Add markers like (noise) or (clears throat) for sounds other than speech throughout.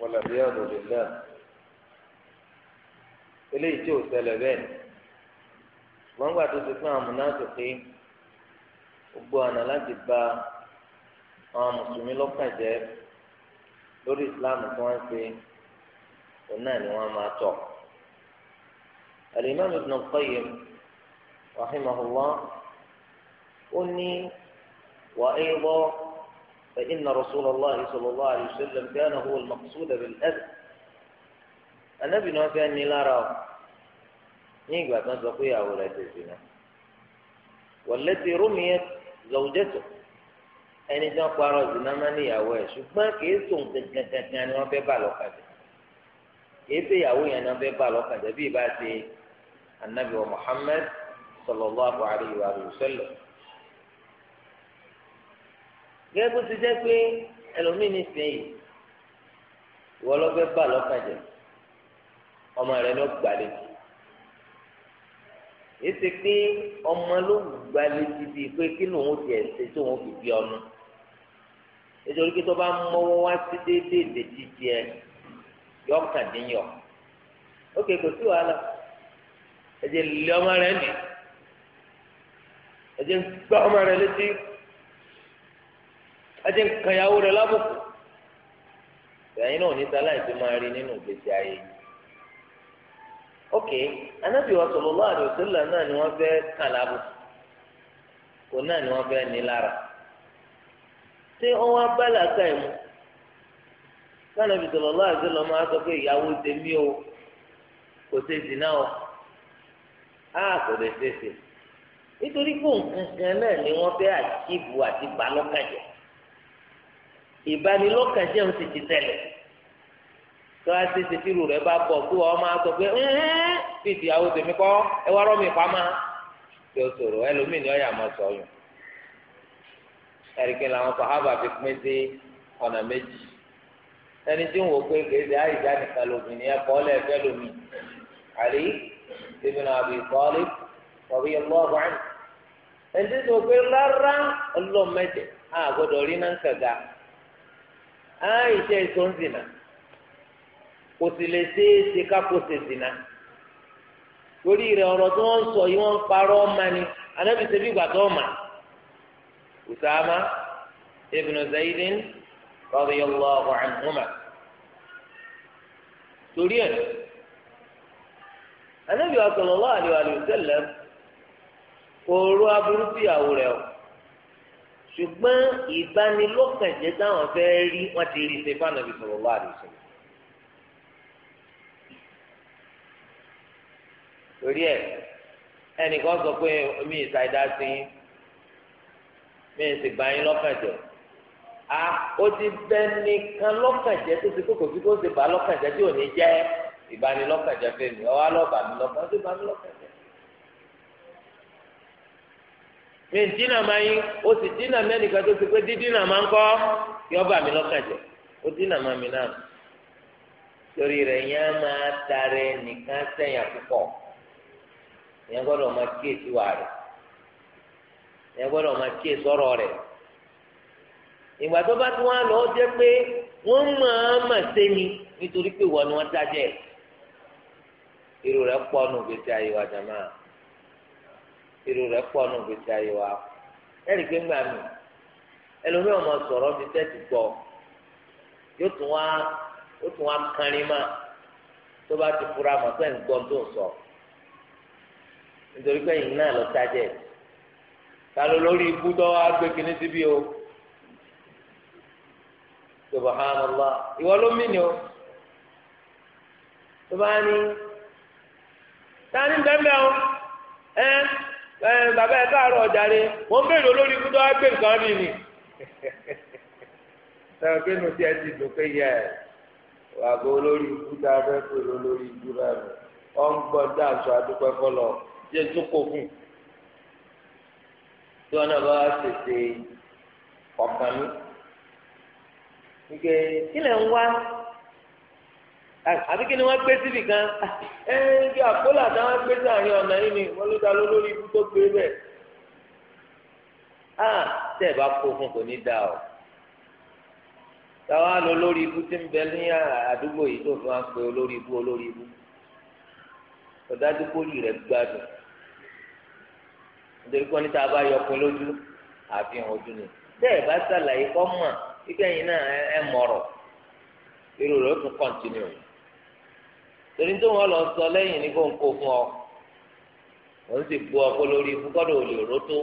والعياذ بالله eléyìí tí ò ṣẹlẹ̀ bẹ́ẹ̀ wọ́n gbà tó ti pín àwọn múnáfìkì gbogbo àná láti ba àwọn mùsùlùmí lọ́kàn jẹ́ lórí tí wọ́n ń òun náà ni wọ́n máa tọ̀. أني وأيضا فإن رسول الله صلى الله عليه وسلم كان هو المقصود بالأذى النبي نوفي أني لا رأى نيجوا تنسقيا ولا تزنا والتي رميت زوجته ẹni tí wọn parọ́ zina máa ní ìyàwó ẹ ṣùgbọ́n kìí sùn gangan ni wọn fẹẹ bá lọkàdé kìí ṣe ìyàwó yẹn ni wọn fẹẹ bá lọkàdé bí ìbá ṣe anabi wa Muhammad sallallahu alayhi wa sallam. gẹ́gẹ́ bó ti jẹ́ pé ẹlòmíín nísìnyí ìwọ lọ́fẹ́ bà lọ́kàjẹ ọmọ rẹ ló gbàlejò èsì pé ọmọ ló gbàlejò bíi pé kí lòun ti ẹ̀sẹ̀ tó wọn fi bí ọnu nítorí pé tó bá mọ́wọ́ wá sí déédéé dèjì tiẹ̀ yọ kàdínyọ̀ ókè kò sí wàhálà ẹ̀jẹ̀ lé ọmọ rẹ nì ẹ̀jẹ̀ gbá ọmọ rẹ létí. ẹjẹ nǹkan rẹ lábùkù ẹ̀yin náà níta láìsí máa rí nínú ìgbésí ayé ok anabi wa náà ni wọ́n fẹ́ kàn lábùkù kò náà ni wọ́n fẹ́ ní lára ṣé bá làákà ẹ mu sanabi sallallahu alaihi wasallam máa sọ pé ìyàwó o kò ṣe o a kò lè ṣe ṣe nítorí pé nǹkan kan náà ni wọ́n fẹ́ àti ìbanilọ́kàn jẹ́ òun ti ti tẹ̀lẹ̀ tó a ti ti tìrù rẹ̀ bá bọ̀ kí wọ́n máa sọ pé fi ìyàwó tèmi kọ́ ẹ wá rọ́ọ̀mì pamá tí o sọ̀rọ̀ ẹlòmíì ni ọ̀yà máa sọ yùn ẹ̀ríkìn làwọn sàhábà fi pín sí ọ̀nà méjì ẹni tí ń wò pé kèéde àyíká nìkan lóbìnrin ẹ̀kọ́ lẹ́ẹ̀fẹ́ lómi àrí tèmínà àbí kọ́lé kọ̀wé ọlọ́ọ̀bù ẹni tí ń wò pé rárá ọlọ́mọdé àgọ́dọ̀ rí náà ń kàga. àìṣe ah, èso ń zìnà kò sì lè ṣe é ṣe kápò ṣe zìnà torí rẹ̀ ọ̀rọ̀ tí wọ́n sọ yìí wọ́n ń parọ́ ni anábì ṣe bí ìgbà tó Usama ibn Zaydin radiyallahu anhuma torí ẹ̀ anábì sallallahu alaihi wa sallam kò rú aburú ṣùgbọ́n ìbanilọ́kànjẹ́ táwọn fẹ́ rí wọ́n ti rí ṣe fáwọn ọ̀bí sọ̀rọ̀ wá rè sọ̀rọ̀. torí ẹ ẹnìkan sọ pé mi ìsàìdá sí mi ìsìgbà yín lọ́kànjẹ́ a ó ti bẹ́ni kan lọ́kànjẹ́ tó ti kókò sí kó ṣe bá lọ́kànjẹ́ tí ò ní jẹ́ ìbanilọ́kànjẹ́ fẹ́mi ọwọ́ alọ́ba mi lọ́kànjẹ́ mi ń dínà máa yín ó sì dínà mẹ́nìkan tó ti pé dídínà máa ń kọ́ yọ bà mí lọ́kàn ó dínà máa mi náà torí rẹ̀ yẹn máa tarẹ nìkan sẹ́yìn àkókò yẹn gbọ́dọ̀ máa kíyèsí wà rẹ̀ yẹn gbọ́dọ̀ máa kíyèsí ọ̀rọ̀ rẹ̀ ìgbà tó bá tún wá lọ jẹ́ pé wọ́n máa nítorí irú rẹ̀ pọ̀ nù gbèsè ayé wa ẹ̀rí pé ńgbà mi ẹlòmíì ọmọ sọ̀rọ̀ ti tẹ́tù gbọ́ yóò tún wá ó tún wá kánrin mọ́ tó bá ti fura mọ́ pé ń gbọ́ tó ń sọ nítorí pé ìyìn náà lọ sájẹ̀ ta ló lórí ikú tó wá gbé kinní síbí o subhanallah ìwọ ló mí ni o tó bá ní ta ni bẹ́ẹ̀ bẹ́ẹ̀ o Eh? ẹ bàbá ẹ káàárọ̀ ọ̀jàre wọ́n bèrè olórí nǹkan mi ni. (laughs) sọ̀rọ̀ pé ti ẹ ti dùn pé ẹ wàgbọ́ olórí ikú tá a fẹ́ pè lólórí ikú rẹ̀ ọ̀ ń gbọ́ dáàsọ fún tí wọn náà bá ṣèṣe ọ̀kan mi. ike kí lè àbí kí ni wọ́n gbé síbì kan ẹ bí àpólà táwọn gbé sáàrin ọ̀nà yìí ni wọ́n ló dá lórí ibú tó gbé bẹ́ẹ̀. a tẹ́ ẹ̀ bá kó fún kò ní dáa o táwa lọ lórí ibú tí ń bẹ ní àdúgbò yìí tó fi wá pé olórí ibú olórí ibú ọ̀dájú pólì rẹ̀ gbádùn nítorí pé níta bá yọ pin lójú àfihàn ojú ni bẹ́ẹ̀ bá ṣàlàyé kọ́ mọ̀ kíkẹ́yìn náà ẹ mọ̀rọ̀ irú rẹ̀ ó tún kọ́ntínú yìí torí tó wọn lọ sọ lẹ́yìn ní kóńkó fún ọ òun sì bu ọkọ lórí ibú kọ́dọ̀ ò lè rótó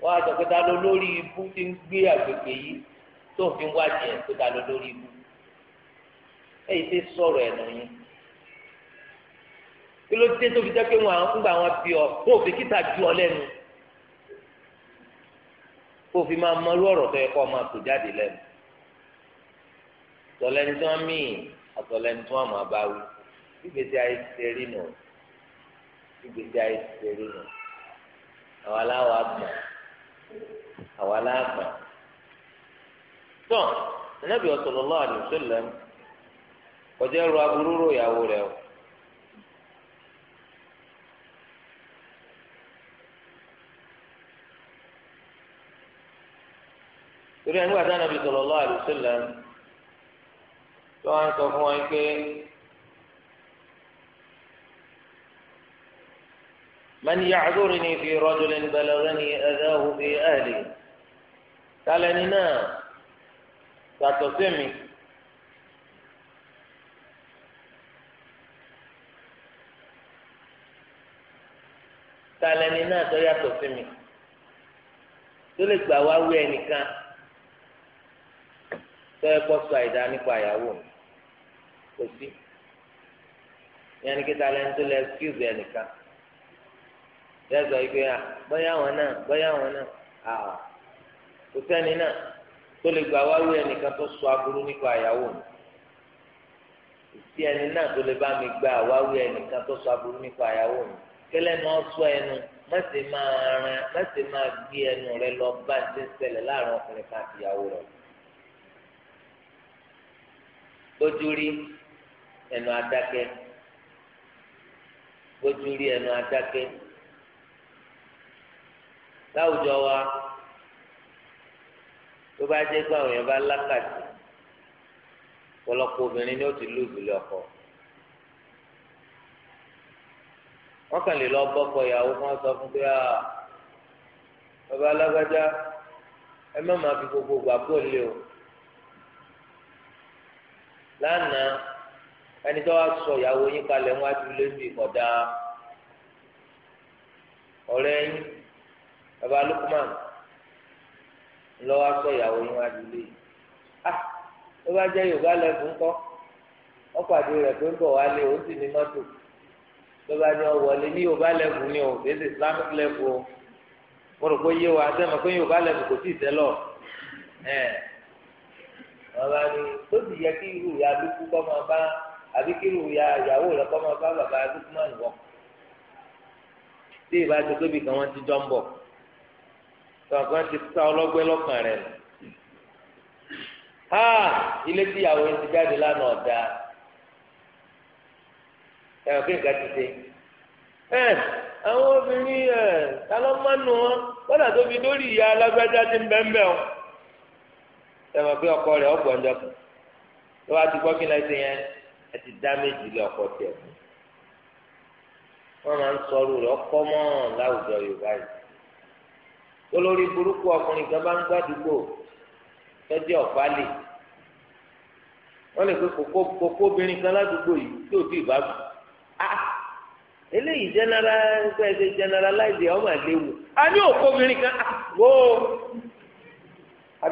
wọ́n á sọ pé lórí ibú ti ń gbé àgbègbè yìí tó fi wá jẹ pé ta ló lórí ibú èyí ti sọ̀rọ̀ ẹ̀ lọ́yìn kí ló dé tó fi pé wọn ń gbà wọn bí ọ wọn ò fi kíta ju ọ lẹ́nu kó fi máa mọ irú tó yẹ kó máa tò jáde lẹ́nu tọ́lẹ́ni tí wọ́n àtọ̀lẹ́ni tí wọ́n máa bá wí gbígbèsè ayé ti ṣe rí nù gbígbèsè ayé ti ṣe rí nù àwa láwa àgbà àwa láàgbà tó Ànábì sallallahu alaihi wasallam kọjá ẹrù aburú rò ìyàwó rẹ̀ o. torí ẹni wà dáná bí sallallahu alaihi wasallam tó wá ń sọ fún wọn pé من يعذرني في رجل بلغني أذاه في أهلي tálẹ́ni náà yàtọ̀ sẹ́mi tálẹ́ni náà tó yàtọ̀ sẹ́mi tó lè gbà wá wí ẹnìkan tó yẹ kó sọ àìdá nípa ìyàwó mi kò sí yẹn kí ta lẹ́nu tó lẹ ẹ́skíùsì ẹnìkan lẹ́sọ̀ yìí pé à bóyá àwọn náà bóyá àwọn náà à kò sẹ́ni náà tó lè gbà wáwí ẹnìkan tó sọ aburú nípa àyàwó mi ìsí ẹni náà tó lè bá mi gbà wáwí ẹnìkan tó sọ aburú nípa àyàwó mi kẹlẹ́ ni wọ́n sọ ẹnu má máa ran má máa gbé ẹnu rẹ lọ bá ti ń ṣẹlẹ̀ láàrin ọkùnrin kan àti lójú rí ẹnu adákẹ́ gbójú rí ẹnu adákẹ́ láwùjọ wa tó bá jẹ́ pé àwọn èèyàn bá lákàtì ọ̀pọ̀lọpọ̀ obìnrin ni ó ti lù ìbílẹ ọkọ wọn kàn lè lọ bọkọ ìyàwó kan sọ fún pé ah, bàbá alágbájá ẹ má máa fi gbogbo gbà bọ́ọ̀lì o lánàá ẹni tó wá sọ ìyàwó yín kalẹ̀ wọn á ti lé bí kọ̀dá ọ̀rẹ́ yín baba Lukman lọ wá sọ ìyàwó yín wá dúlé ah tó bá jẹ́ Yorùbá lẹ́bùn kọ́ ọ̀pàdé rẹ̀ tó ń bọ̀ wálé ó sì ní mọ́tò tó bá ní ọ̀wọ́lé ní Yorùbá lẹ́bùn ni o bẹ́ẹ̀ sì Islamic lẹ́bùn o mo rò pé yé wa sẹ́mi pé Yorùbá lẹ́bùn kò tí ì tẹ́lọ̀ ẹ̀ bàbá ni tó sì yẹ kí irú ìyá dúkú kọ́ máa bá àbí kí ya ìyàwó rẹ kọ́ máa bá bàbá Lukman wọ̀ tí ìbá ti tóbi kan wọ́n ti jọ ń bọ̀ tọ̀gbọ́n ti ọlọ́gbẹ́ lọ́kàn rẹ̀ ha ilé tí ìyàwó yẹn ti jáde lánàá ọ̀dà kí nǹkan ti ẹ àwọn obìnrin ẹ ta ló máa nù wọn tó fi lórí ìyá alágbájá ti ń bẹ́ńbẹ́ o. pé ọkọ rẹ̀ ti ẹ ti dá méjì lé ọkọ tiẹ̀ fún wọn máa ń sọ̀rọ̀ rẹ̀ ọkọ mọ́ láwùjọ yorùbá yìí olórí burúkú ọkùnrin kan bá ń gbádùúgbò tọ́jú ọ̀pá lè wọ́n lè pe kókó kókó obìnrin kan ládùúgbò yìí tí ò tí ì bá ọmọ ah! a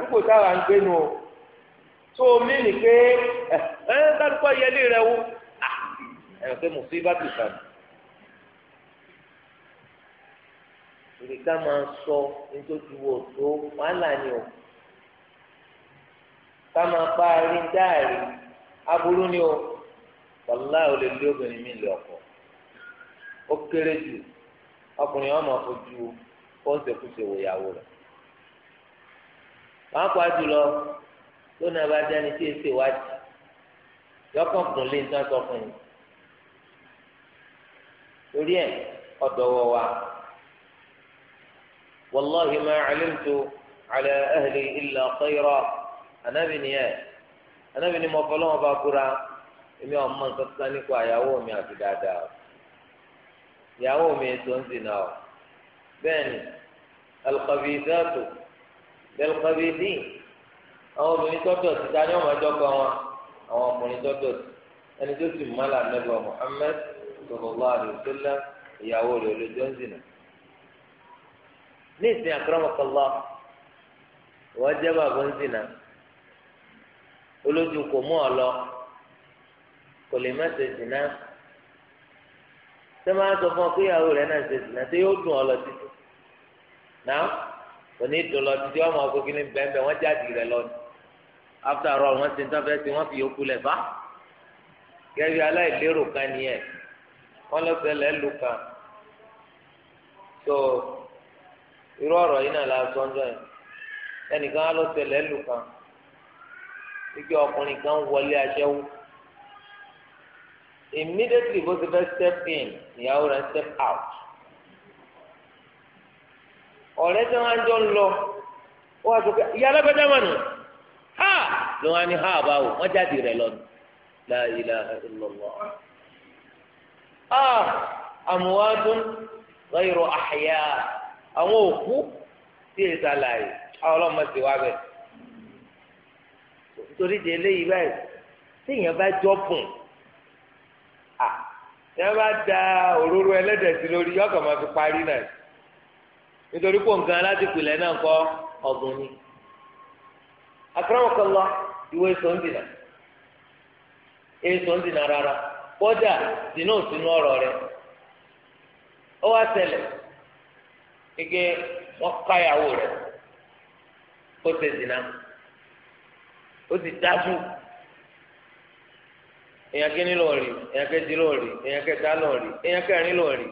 tó o mí ni pé eh, eh, ah, ẹ ẹ kálukọ yẹlé rẹ wo ẹ pé mùsùlùmí ti sàn. ìrì ká máa sọ nítorí wo tó wàhálà ni o ká máa bá a dáàrí aburú ni o wàlá ò lè lé obìnrin mi lè ọkọ ó kéré jù ọkùnrin ọmọ fojú ó ń wòyàwó rẹ jùlọ tó náà bá dání tí èsì wájú yọkàn kùn lé nítorí sọ fún yìí torí ẹ ọdọwọ wa wàlláhi máa alimtu ala ahli illa khayra anabi ni ẹ anabi ni mo fọlọ́wọ́n bá kúra èmi ọmọ nǹkan kan nípa ìyàwó mi àti dáadáa ìyàwó mi tó ń zina o bẹ́ẹ̀ ni alqabidatu bil qabidin àwọn obìnrin tọ́jọ́ ti ta ní ọmọ ẹjọ́ kan wọn àwọn ọkùnrin tọ́jọ́ ti ẹni tó sì mọ́ làmẹ́bọ̀ Muhammad sallallahu alaihi wasallam ìyàwó rẹ̀ olójó ń zìnà. ní ìsìn akramakallah wọ́n jẹ́ bàbá ń zìnà olójú kò mú ọ lọ kò lè má ṣe zìnà sọ ma sọ fún ọ pé ìyàwó rẹ̀ náà ṣe zìnà tó yóò dùn ọ lọ títí náà òní dùn lọ títí ọmọ ọkọ bẹ́ẹ̀ bẹ́ẹ̀ wọ́n jáde rẹ̀ lọ́nìí after all wọ́n ti ń tọ́fẹ́ tí wọ́n fi yòókù lẹ̀ bá gẹ́gẹ́ aláìlérò kan ni ẹ̀ wọ́n lọ́sẹ̀ lẹ́lu kan tó irú ọ̀rọ̀ yìí náà la sọ ń jọ yẹn ẹnìkan á lọ́sẹ̀ lẹ́lu kan ike ọkùnrin kan wọlé aṣẹ́wó immediately bó ti fẹ́ step in ìyàwó rẹ̀ step out ọ̀rẹ́ tí wọ́n á jọ ń lọ ó wá sọ pé ìyá alágbèjà mà nù ha ló wá ní ha báwo wọ́n jáde rẹ̀ lọ́nu la ilaha illallah ah amwatun ghayru ahya àwọn òkú tí èsì àlàyé àwọn ọlọ́mọ sì wá bẹ̀ torí de eléyìí báyìí téèyàn bá jọ́pùn à téèyàn bá da òróró ẹlẹ́dẹ̀ sí lórí yọkàn máa fi parí náà nítorí pò láti pìlẹ̀ náà kọ́ ọ̀gùn ni. akọrọmọkànlá iwe èso ń na èso ń na rárá kódà dìnnà òsínú ọ̀rọ̀ rẹ̀ ó wa ṣẹlẹ̀ ike wọn káyàwó rẹ̀ kó ṣe ó ti dájú èèyàn kìíní ló rí èèyàn kejì ló rí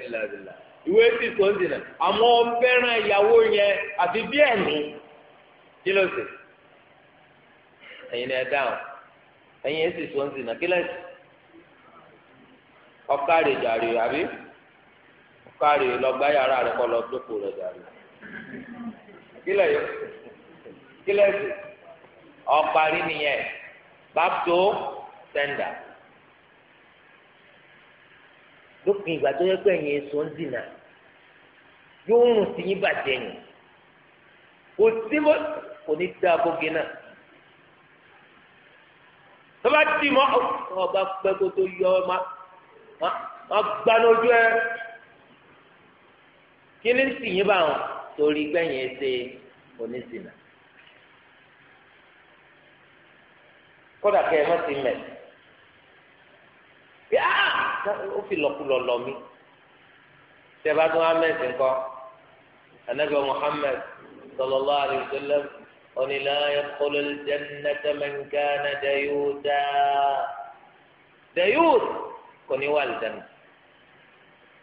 èèyàn la ìwé sì tó ń dìnnà àmọ́ fẹ́ràn ìyàwó yẹn àti bí ẹ̀mí kí ló sì ẹ̀yin ẹ̀ dáhùn ẹ̀yin sì tó ń dìnnà kí lẹ́sì ọ̀kárì jàre àbí ọ̀kárì lọ́gbà yàrá rẹ̀ kọ́ lọ dókò rẹ̀ jàre kí lẹ́yìn kí lẹ́sì ọ̀parí nìyẹn back to sender lópin ìgbà tó yẹ pé ẹ̀yin èso ń dìnnà yóò rùn sí yín bàjẹ́ yìí kò sí mọ́ kò ní dá abóge náà tó bá dì mọ́ ọba pẹ́ kó tó yọ ọ má má gbanójú ẹ kí ni sì yín bá wọn torí gbẹ̀yìn ẹsẹ̀ oníṣìnà kódà kẹ́ ẹ mọ́ sí mẹ́ ó fi lọ́kulọ̀ lọ mí tẹ́bá tó ahmed nǹkan anabi muhammed sallallahu alayhi wa sallam onílà yaqulu al-jannata man kana dayuta dayut kò ní wà lìjànà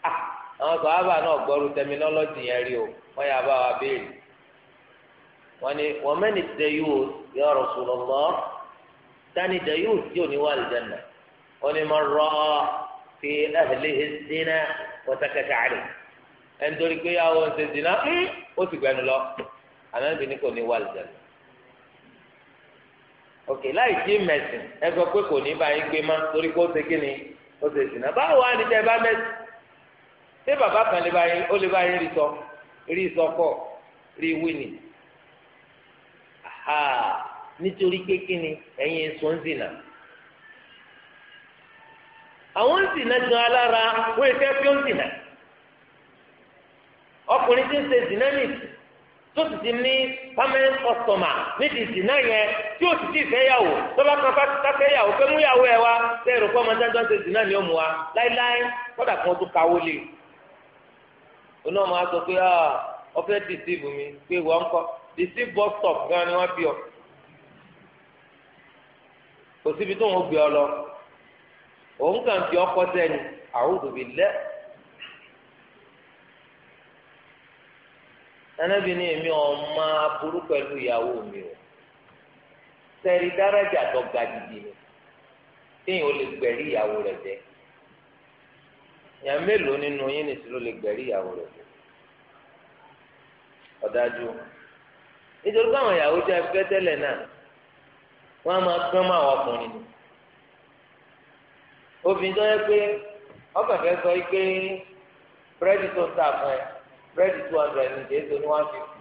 ah, àwọn sọ̀hábà náà gbọ́rú tẹminọ́lọ́jì yẹn rí o wọ́n yà bá wa béèrè wọ́n ní wọ́n mẹ́ni dayut ya rasulullah dání dayut tí ò ní wà lìjànà onímọ̀ rọ́ọ̀ fi ahlihi zina wa sakata alayhi ẹni torí pé ìyàwó ń ṣe zina hmm, ó sì gbẹnu lọ ànábì ní kò ní wà lùdà lọ. ok láì jí mẹ̀sìn ẹ sọ pé kò ní bá yín gbé má torí pé ó ṣe kí ni ó ṣe zina báwo wá ní tẹ́ bá mẹ̀sìn ṣé bàbá kan lè bá ó lè bá rí sọ rí sọ rí wíìnì nítorí pé kí ni ẹ̀yin sọ ń zina. àwọn ń sì nẹ́gbọ́n alára wọ́n èké fi ó ń sì ọkùnrin tí ń ṣe dynamic tó ti ní permanent customer nídìí ìdìnnà yẹn tí ó ti fẹ́ yàwó tó bá kan bá yàwó pé mú ẹ ṣe èrò fún ọmọ wa láíláí kọ́dà kan tó kawó lé oní ọmọ pé ah, ọfẹ́ deceive mi pé wọ́n ń kọ́ deceive bus stop gan ni wọ́n bí ọ kò síbi tó ń gbé òun kàn fi ọkọ sẹ́ni a'udhu billah. Ànábì ní èmi ọmọ aburú pẹ̀lú ìyàwó mi o sẹ́rí dáràjà tó ga dìdì ni téèyàn ò lè gbẹ̀rí ìyàwó rẹ̀ jẹ́ èèyàn mélòó nínú yín nìsí ló lè gbẹ̀rí ìyàwó rẹ̀ jẹ́ ọ̀dájú nítorí pé àwọn ìyàwó jẹ́ fẹ́ náà wọ́n á máa gbọ́n mọ́ àwọn ọkùnrin ni obìnrin tó yẹ pé ọkàn fẹ́ sọ yìí pé búrẹ́dì tó ń tà fún ẹ búrẹ́dì two hundred ní ìdè tó ní one fifty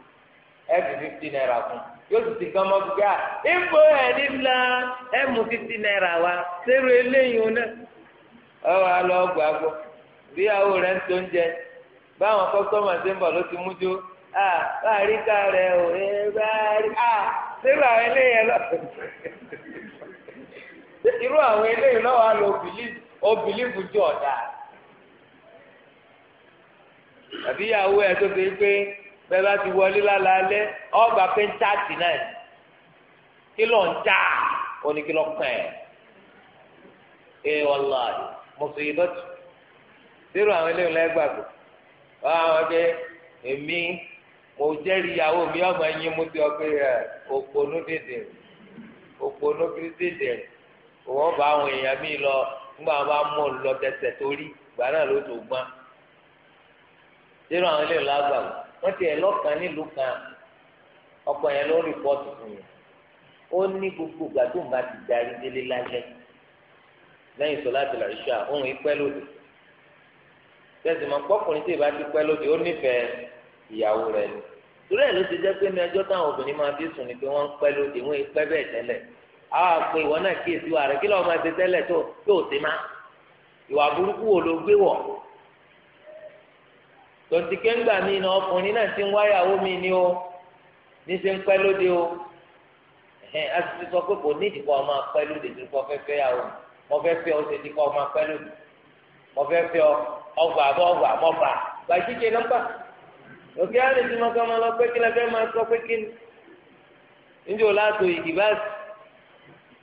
ẹ̀fì fifty naira fún yóò sì ti gan mọ́ gbogbo à ìbò ẹ̀ nílá ẹ̀ mú fifty naira wá sẹ́rù eléyìí ọ̀nà ọ̀ wá lọ gbà gbọ́ ìgbéyàwó rẹ̀ ń tó ń jẹ báwọn kọ́sọ́mà ṣe ń bọ̀ ló ti mú jó à ah, báàrí ká rẹ̀ ò ẹ̀ báàrí à ah, sẹ́rù àwọn eléyìí ẹ̀ lọ́sọ̀ọ́. irú àwọn eléyìí lọ́wọ́ àlọ́ òbílífù jọ ọ̀dà tàbí ìyàwó ẹ̀ tó ṣe pé bẹ́ẹ̀ bá ti wọlé lálẹ́ ọgbà pé ń táàtì náà kí ló ń tà ó kí ló kàn ẹ́ ẹ wàláhì mùsùlùmí lọ́tù sírò àwọn eléyìí lẹ́gbàgbọ́ àwọn èmi mo ìyàwó mi ti ọ pé òpònú dèdè òpònú kiri dèdè dị. òwò bá àwọn èèyàn míì lọ nígbà wọn bá mú un lọ tẹsẹ̀ torí ìgbà náà ló tó gbọ́n nínú àwọn ilé ìlàgbà wọn ti ẹ lọkàn nílùú kan ọkọ yẹn ló rìpọ́tù fún yẹn ó ní gbogbo ìgbà tó ń bá ti darí délé lálẹ́ lẹ́yìn sọlá ti làṣà òun ìpẹ́ lòdì tẹ̀sí ma kọkùnrin tí ìbá ti pẹ́ lòdì ó nífẹ̀ẹ́ ìyàwó rẹ̀ ni torí ẹ̀ ló ti jẹ́ pé ní ẹjọ́ táwọn obìnrin máa fi sùn ni pé wọ́n ń pẹ́ lòdì wọ́n ìpẹ́ bẹ́ẹ̀ tẹ́lẹ̀ àwọn àpò ìwọ náà kí èsì wa rẹ kí lọ́ọ́ máa ṣe tẹ́lẹ̀ tó wo ló gbé wọ̀ tòǹtì kéńgbà mi ni ọkùnrin náà ti ń wáyàwó mi ni o ní ṣe ń o a sọ pé kò ní ìdìbò ọmọ apẹ́ lóde o fẹ́ fẹ́ ọ ṣe ti kọ́ ọmọ lóde fẹ́ fẹ́ ọ ọgbà ọgbà bà lọ pé kí máa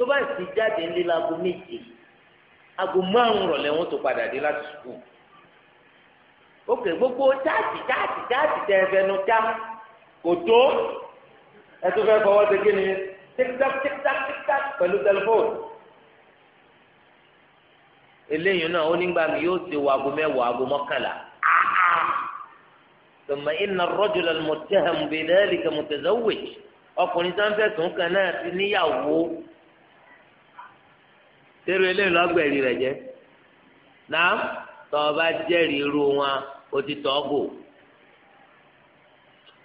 tó bá sì jáde ńlẹ́ láago méje aago márùn rọ̀lẹ́ wọn tó padà dé láti sùkúù ok gbogbo jáàtì jáàtì jáàtì tẹ ẹfẹnu já kò tó ẹtú fẹ́ fọwọ́ ṣe kí ni tíktak tíktak tíktak pẹ̀lú tẹlifóònù eléyìí náà ó nígbà mi yóò ṣe wọ aago mẹ́wàá aago mọ́kànlá tọmọ iná rọjòlá mọtẹhẹmù bẹẹ dẹẹlì kẹmọtẹzẹwìj ọkùnrin sáńfẹsùn kan náà ti níyàwó sẹ́rù eléyìí lọ́gbẹ̀rì rẹ̀ jẹ́ náà tọ́ọ̀bá jẹ́rìí irú wọn ó ti tọ́gò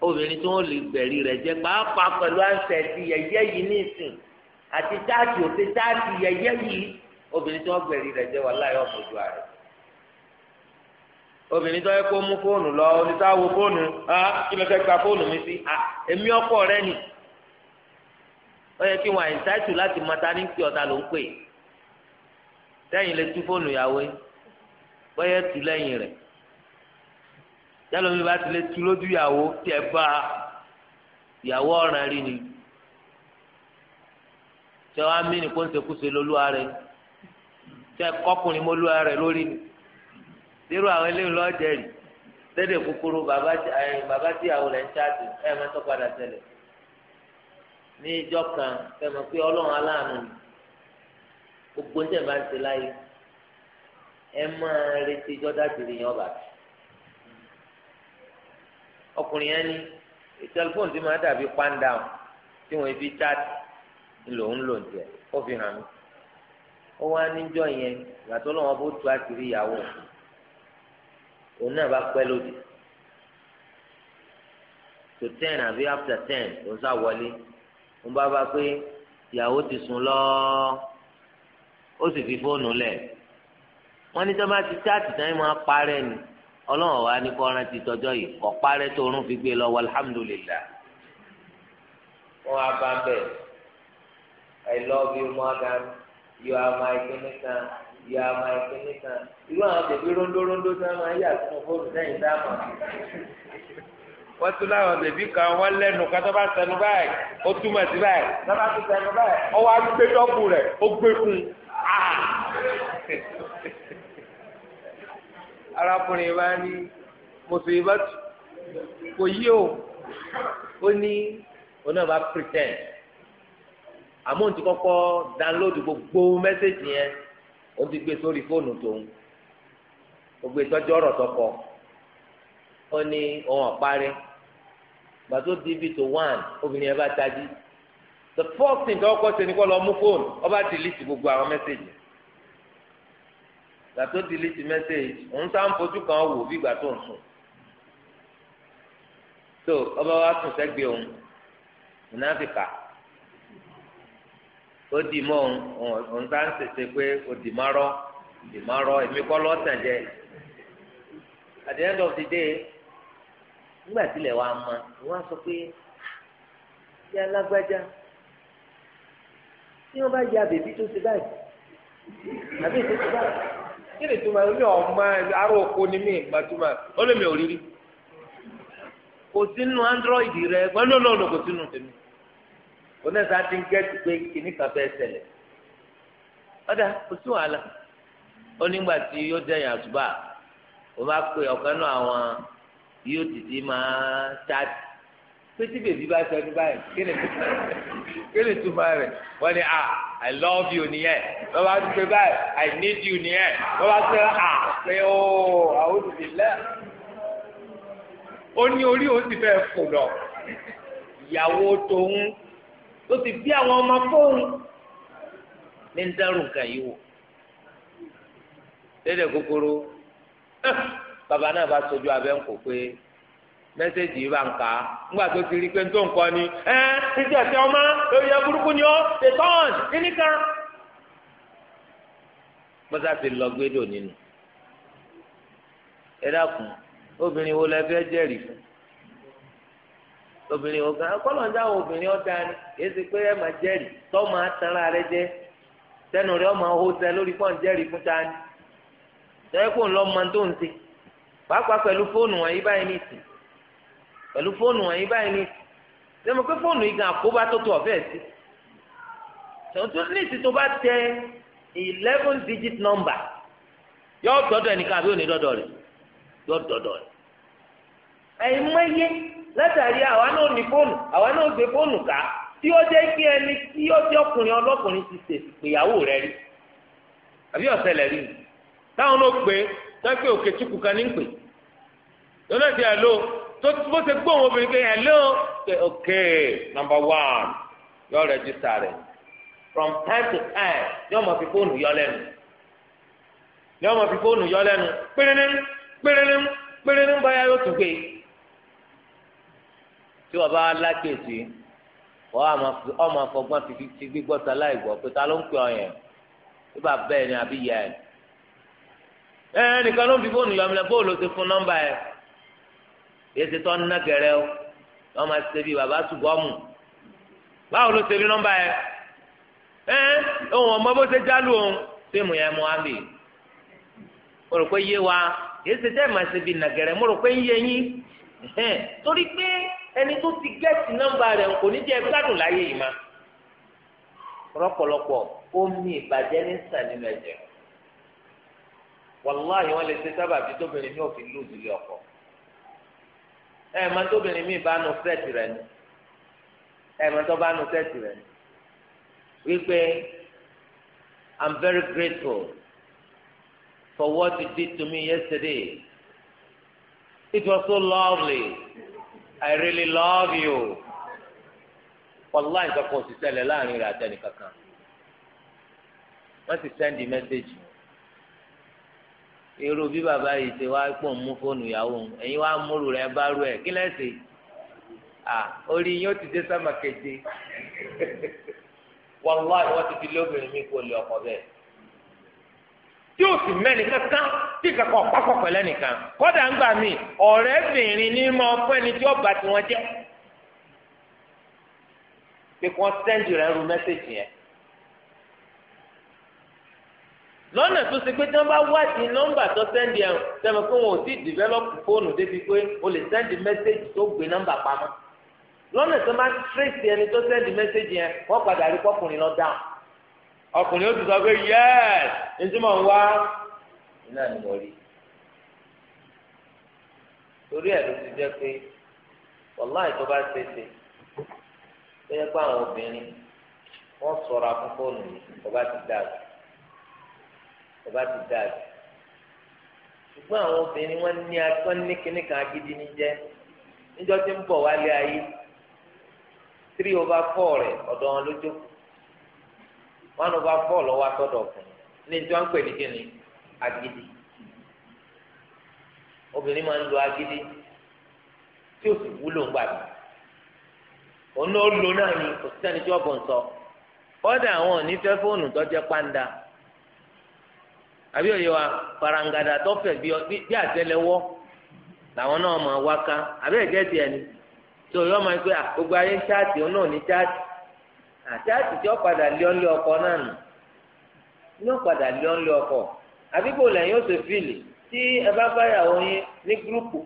obìnrin tó ń lè gbẹ̀rì rẹ̀ jẹ́ pàápàá pẹ̀lú àǹsẹ̀ ti yẹ̀yẹ́ yìí nísìn àti táàtì òsè táàtì yẹ̀yẹ́ yìí obìnrin tó ń gbẹ̀rì rẹ̀ jẹ́ wàhálà yóò fojú ààrẹ obìnrin tó yẹ kó mú fóònù lọ oníṣàwò fóònù á ah, kí ló fẹ́ gba fóònù mi sí à ah, èmi ọkọ rẹ nì ó yẹ kí wọn àìsàtù láti mọ ní kí ọ̀tá ló ń pè é sẹ́yìn lè tú fóònù ìyàwó yìí bọ́yẹ tú lẹ́yìn rẹ̀ yálòmí bá ti lè tú lójú ìyàwó tí ẹ bá ìyàwó ọ̀ràn rí ni tẹ wá mí ní kó ń sekúse lólúwa rẹ tẹ kọkùnrin mólúwa rẹ lórí ni irú àwọn eléyìí lọ́jẹ̀ rí lédè kúkúrú bàbá tíyàwó rẹ̀ ń ṣáàtì ẹ̀ mẹ́tọ́ padà tẹ̀lé ní ìjọ kan tẹ̀mọ̀ pé ọlọ́run aláàánú ni gbogbo ń tẹ̀ bá ń ṣe láyé ẹ máa retí jọ́dá tìrì yẹn ọba tì ọkùnrin yẹn ní tẹlifóònù tí máa dàbí pàǹdà tí wọ́n fi chaati ńlò ńlò tiẹ̀ ó fi hàn mí ó wá níjọ́ yẹn gbàtọ́ lọ́wọ́ bó tu àtìrí ìyàwó òun náà bá pẹ́ lóde tó ten àbí after ten òun sá wọlé òun bá bá pé ìyàwó ti sùn lọ́ọ́ ó sì fi fóònù lẹ̀ wọ́n ní sábà ti chaati náà máa parẹ́ ni ọlọ́run wa ní kọ́ rántí tọjọ́ yìí kọ́ tó rún fi gbé lọ wọ alhamdulillah wọ́n á bá bẹ́ẹ̀ i love you more than you are my kinikan you are my kinikan irú àwọn bèbí rondórondó tí wọ́n máa yà sínú fóònù lẹ́yìn dáàmú wọ́n tún láwọn bèbí kan wọ́n lẹ́nu kan tó bá sẹnu báyìí ó túmọ̀ sí báyìí tó bá tún sẹnu báyìí ó wá gbé dọ́kù rẹ̀ ó gbé fún un. Ah. arákùnrin bá ní mùsùlùmí bá tù kò yí o ó ní oní pretend àmọ́ òun kọ́kọ́ download gbogbo mẹ́sẹ̀gì yẹn òun ti gbé sórí fóònù tòun gbogbo ìtọ́jú ọ̀rọ̀ tọkọ ó ní òun ọ̀parí gbàtó di ibi tó one obìnrin yẹn bá tají the first thing tó kọ́ ṣe ni kó lọ mú fóònù ó delete gbogbo àwọn mẹ́sẹ̀gì gbà tó delete mẹ́sẹ̀gì òun sá ń fojú kan wò bí gbà tó ń sùn tó ó bá wá sùn sẹ́gbẹ̀ẹ́ òun mùnáfìkà ó dì mọ́ òun òun sá ń ṣèṣe pé ó dì má rọ́ dì má rọ́ èmi kọ́ lọ́sàn jẹ at the end of the day nígbà tí ilẹ̀ wa mọ wọ́n á sọ pé ṣé ah, alágbájá. tí wọ́n bá ya bèbí tó ṣe báyìí àbí ètò ṣe báyìí kí ni tuma mi ò ma oko ni mi ìgbà tuma ó lè mi ò rírí kò android rẹ kò tèmi ti ń pé kìnnì kan kò sí wàhálà tí yóò àtúbà bá pè náà àwọn yóò máa ṣáàtì pété bèbí bá sọ ẹni báyìí kéde kéde túmọ̀ rẹ̀ wọ́n ní ah i love you nìyẹn wọ́n bá ti pé báyìí i need you nìyẹn wọ́n bá ti ah pé ooo àwọn òbí lẹ́ ó ní orí ó ti fẹ́ fò lọ ìyàwó tòun ló ti bí àwọn ọmọ fóun ní ń dárò nǹkan yìí wò lédè kúkúrú bàbá náà bá sojú abẹ́ ń kó pé. mẹsẹgì yìí bá ń kà á ńgbà tó ti ni ẹ isi ẹsẹ ọmọ èèyàn burúkú ni ó ṣètọ́n kíníkan. bọ́sà ti lọ gbẹ́dọ̀ nínú ẹ dákun obìnrin wo lẹ fẹ́ jẹ́rìí fún obìnrin wo gan kọ́lọ̀ ń dáhùn obìnrin ni èyí ti pé ẹ máa jẹ́rìí tọ́ máa rẹ sẹ́nu rẹ ọmọ lórí jẹ́rìí sẹ́kùn tó ń pàápàá pẹ̀lú fóònù pẹ̀lú fóònù wọ̀nyí báyìí ni lẹ́mu pé fóònù yìí gan àkóbá tó tó ọ̀fẹ́ sí tòótọ́ ní ìsìn tó bá tẹ eleven digit number yọ dọ́dọ̀ ẹnìkan àbí òní dọ́dọ̀ rẹ̀ yọ dọ́dọ̀ rẹ̀ ẹ̀yin mẹ́yẹ látàrí àwa náà ní fóònù àwa náà gbé fóònù ká tí ó jẹ́ kí ẹni tí ó jẹ́ ọkùnrin ọlọ́kùnrin ti ṣe ìgbéyàwó rẹ̀ rí àbí ọ̀sẹ̀ lẹ̀ rí táwọn náà pé tẹ́pẹ́ òkè tìkù kan ní pè lọ́nà tí a lò ó tó bó ṣe gbọ́ òun obìnrin pé hello pé ok number one yọ rẹ́gísítà rẹ̀ from time to time yọ ọmọ fi fóònù yọ lẹ́nu yọ ọmọ fi fóònù yọ lẹ́nu péréré péréré péréré ń báyà yóò tún gbé tí wọ́n bá lákèsí wọ́n ọmọ afọgbọ́n ti gbígbọ́ ta láì gbọ́ pé ta ló ń pè ọ yẹn tí bá bẹ́ẹ̀ ni àbí yẹ ẹ nìkan ló ń fi fóònù yọ mi lẹ bóòlù ti fún nọ́mbà yẹn èsì tó ń ná gẹ̀rẹ́ o wọ́n máa ṣe bí bàbá ṣùgbọ́mù báwo ló ṣe rí nọ́mbà yẹn ẹ ohun ọmọ bó ṣe jálù òun fíìmù yẹn mú àmì mo rò pé yé wa èsì tẹ́ máa ṣe bí nàgẹ̀rẹ́ mo rò pé ń yé yín torí pé ẹni tó ti gẹ́ẹ̀tì nọ́mbà rẹ̀ kò ní jẹ́ gbádùn láyé yìí má rọ́pọ̀lọpọ̀ omi ìbàjẹ́ ní sàn nínú ẹ̀jẹ̀ wọn lè ṣe sábàbí tóbìnrin ní òfin lóòzù lé ọkọ̀ ẹ mọ tóbìnrin mi bá nu sẹ́ẹ̀tì rẹ ni ẹ mọ tó bá nu sẹ́ẹ̀tì rẹ ni wípé i'm very grateful for what you did to me yesterday it was so lovely i really love you wàláì kankan ò sì ṣẹlẹ̀ láàrin rẹ̀ àtẹnìkankan wọ́n ti sẹ́ndì message irú bí bàbá yìí ṣe wá pọ̀ mú fóònù ìyàwó òun ẹ̀yin wá múlù rẹ̀ bá rú ẹ̀ kí lẹ́sìn à orí yín ó ti dé sábà keje (laughs) wàláì wọ́n ti fi lóbìnrin mi kò lè ọkọ̀ bẹ́ẹ̀ tí o sì mẹ́ni kankan tí kankan pápọ̀ pẹ̀lẹ́ nìkan kọ́dà ń gbà mí ọ̀rẹ́bìnrin ní mọ fẹ́ni tí ọba tí wọ́n jẹ́ pé kí wọ́n sẹ́ńdì rẹ̀ ru mẹ́sẹ̀jì yẹn lọ́nà tó ṣe pé tí wọ́n bá wá di nọ́mbà tó sẹ́ndì ẹ̀ sẹ́mi pé wọn ò tí ì dìvẹ́lọ́pù fóònù débi pé o lè sẹ́ndì mẹ́sẹ́jì tó gbé nọ́mbà pamọ́ lọ́nà tó máa ń tírèsì ẹni tó sẹ́ndì mẹ́sẹ́jì yẹn wọ́n padà rí kọkùnrin lọ dáhùn ọkùnrin ó ti sọ pé yẹ́ẹ̀s ní tí ń wá iná ni mo rí torí ẹ̀ ló ti jẹ́ pé wàláì tó bá ṣe ṣe tó yẹ pé àwọn obìnrin wọ́n sọ̀rọ̀ afúnfóònù yìí tó bá ọba ti dáa jù ṣùgbọ́n àwọn obìnrin wọn ní akọ́ ní kíní kan ní jẹ́ níjọ́ tí ń bọ̀ wálé ayé three over four rẹ̀ ọ̀dọ̀ wọn ló one over four lọ́wọ́ atọ́dọ̀ ọkùnrin ní tí ń pè ní kíní obìnrin máa ń lo agidi tí ó sì wúlò ń òun náà náà ni àbí òye wa farangada tọfẹ bí àtẹ́lẹwọ́ làwọn náà máa wá ká àbí ẹjẹ tiẹ̀ ni tó yọ máa pé gbogbo ayé chaati òun náà ní chaati àchaati tí ó padà lé ọkọ náà nù ní ó padà lé ọkọ àbí kò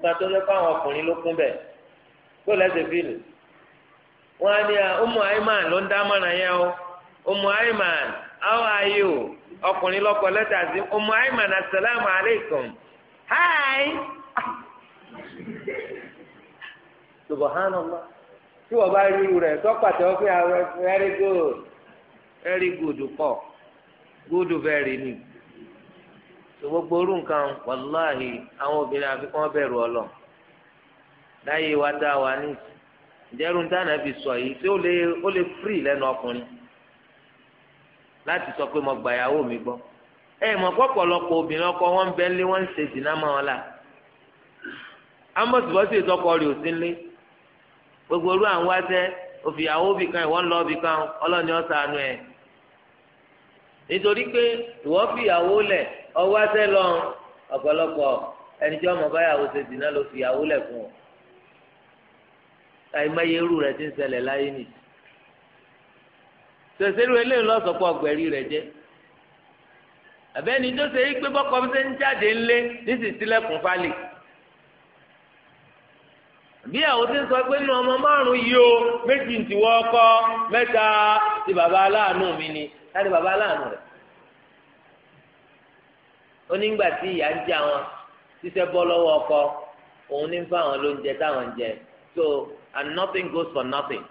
kan tó fáwọn ọkùnrin ló kún o ọmọ ayé how are you ọkùnrin lọkọ lẹ́tà sí ọmọ àìmọ̀nà sàlámù alaykum hi subhanallah tí wọ́n bá rí irú rẹ̀ tọ́pàtẹ́ wọ́n fi àwọn ah, very good very good pọ̀ good very ni gbogbo orú nǹkan wàláhì àwọn obìnrin àfi kàn bẹ̀rù ọlọ láyé wa dá wa ní sọ yìí tí ó láti sọ pé mo gbà mi gbọ́ ẹ mọ̀ pọ̀pọ̀lọpọ̀ obìnrin ọkọ wọn ń bẹ ńlé wọn ń ṣe dìnnà mọ́ wọn la amọ̀sibọ́sì ìtọ́kọ rẹ̀ ò sí gbogbo orú àwọn wáṣẹ́ òfìyàwó bì kan ìwọ́n lọ bì kan ọlọ́ni ọ̀sà àánú ẹ̀ nítorí pé ìwọ́n fìyàwó lẹ̀ lọ ọ̀pọ̀lọpọ̀ ẹni tí ọmọ báyàwó ṣe ló fìyàwó lẹ̀ fún ọ sèṣèlú eléyìí lọ́sọ̀kọ́ ọgbẹ̀rí rẹ̀ jẹ́ àbẹ́ni tó ṣe é pé bọ́kọ́ ṣe ń jáde ńlé nísìsiyìí tilẹ̀kùn fálì bí àwọn tí ń sọ pé nínú ọmọ márùn yìí o méjì ń tiwọ́ ọkọ mẹ́ta ti bàbá aláàánú mi ni láti bàbá aláàánú rẹ̀ ó nígbà tí ìyá ń jẹ àwọn ṣiṣẹ́ bọ́ lọ́wọ́ ọkọ òun ní ń fún àwọn lóúnjẹ táwọn ń jẹ so and nothing goes for nothing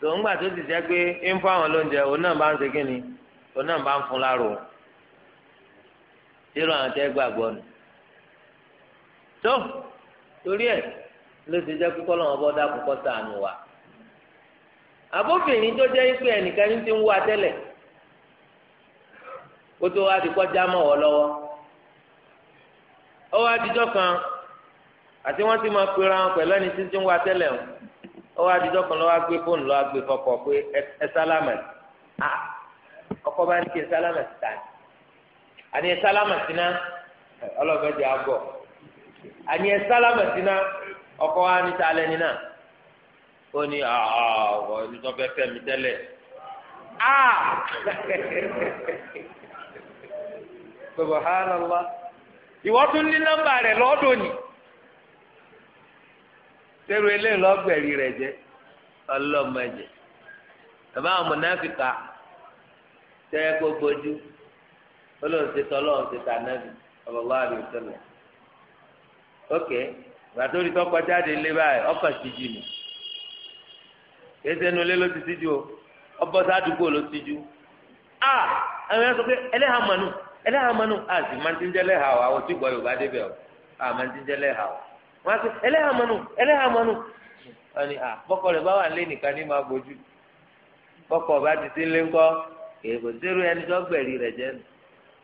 tòǹgbà tó ti jẹ́ pé ń fún àwọn lóúnjẹ òun náà bá ń ṣe kíni òun náà bá ń fún láàrò tírò àwọn tẹ́ gbàgbọ́ nù. tó torí ẹ̀ ló ti jẹ́ kókó lọ́wọ́ bọ́ dá kókó sànù wa. àbófinrin tó jẹ́ pé ẹnìkan ní ti ń wá tẹ́lẹ̀ kó tó wá di kọjá mọ́ ọ lọ́wọ́. ó wá dijọ́ kan àti wọ́n ti máa pera wọn pẹ̀lú ẹni tí ń wá tẹ́lẹ̀ o. ọwọ́ adijọ́ kan lọ́wọ́ agbé fóònù lọ́wọ́ fọkọ a ọkọ bá ń ké sálámẹ̀tì tán àní ẹ sálámẹ̀tì náà ọlọ́fẹ́ di agọ̀ àní ẹ sálámẹ̀tì náà ọkọ wa ní ta lẹ́ni náà ó ní ọ̀ ẹni tó mi a (laughs) ni. sẹ́rù eléyìí lọ́gbẹ̀rì rẹ̀ jẹ́ ọlọ́mọdé bàbá àwọn mọ̀nàfíkà tẹ́ kó gbójú olóhùn ti tọ́ ọlọ́hùn ti ok tó lé báyìí ọkọ̀ síjú ni lé ló ti síjú o ọbọ̀ sádùúgbò ló a àwọn yẹn sọ pé ẹlẹ́hàá mọ̀nù ẹlẹ́hàá mọ̀nù àti màtíńjẹ́lẹ́hàá àwọn tí gbọ́ Yorùbá débẹ̀ àmàtíńjẹ́lẹ́hàá wọ́n á sọ ẹlẹ́hàmọ́nù ẹlẹ́hàmọ́nù wọ́n bọ́kọ bá wà lé nìkan ní ma gbójú bọ́kọ bá ti lé ńkọ́ èèkò sẹ́rù ẹni tó gbẹ̀rì rẹ̀ jẹ́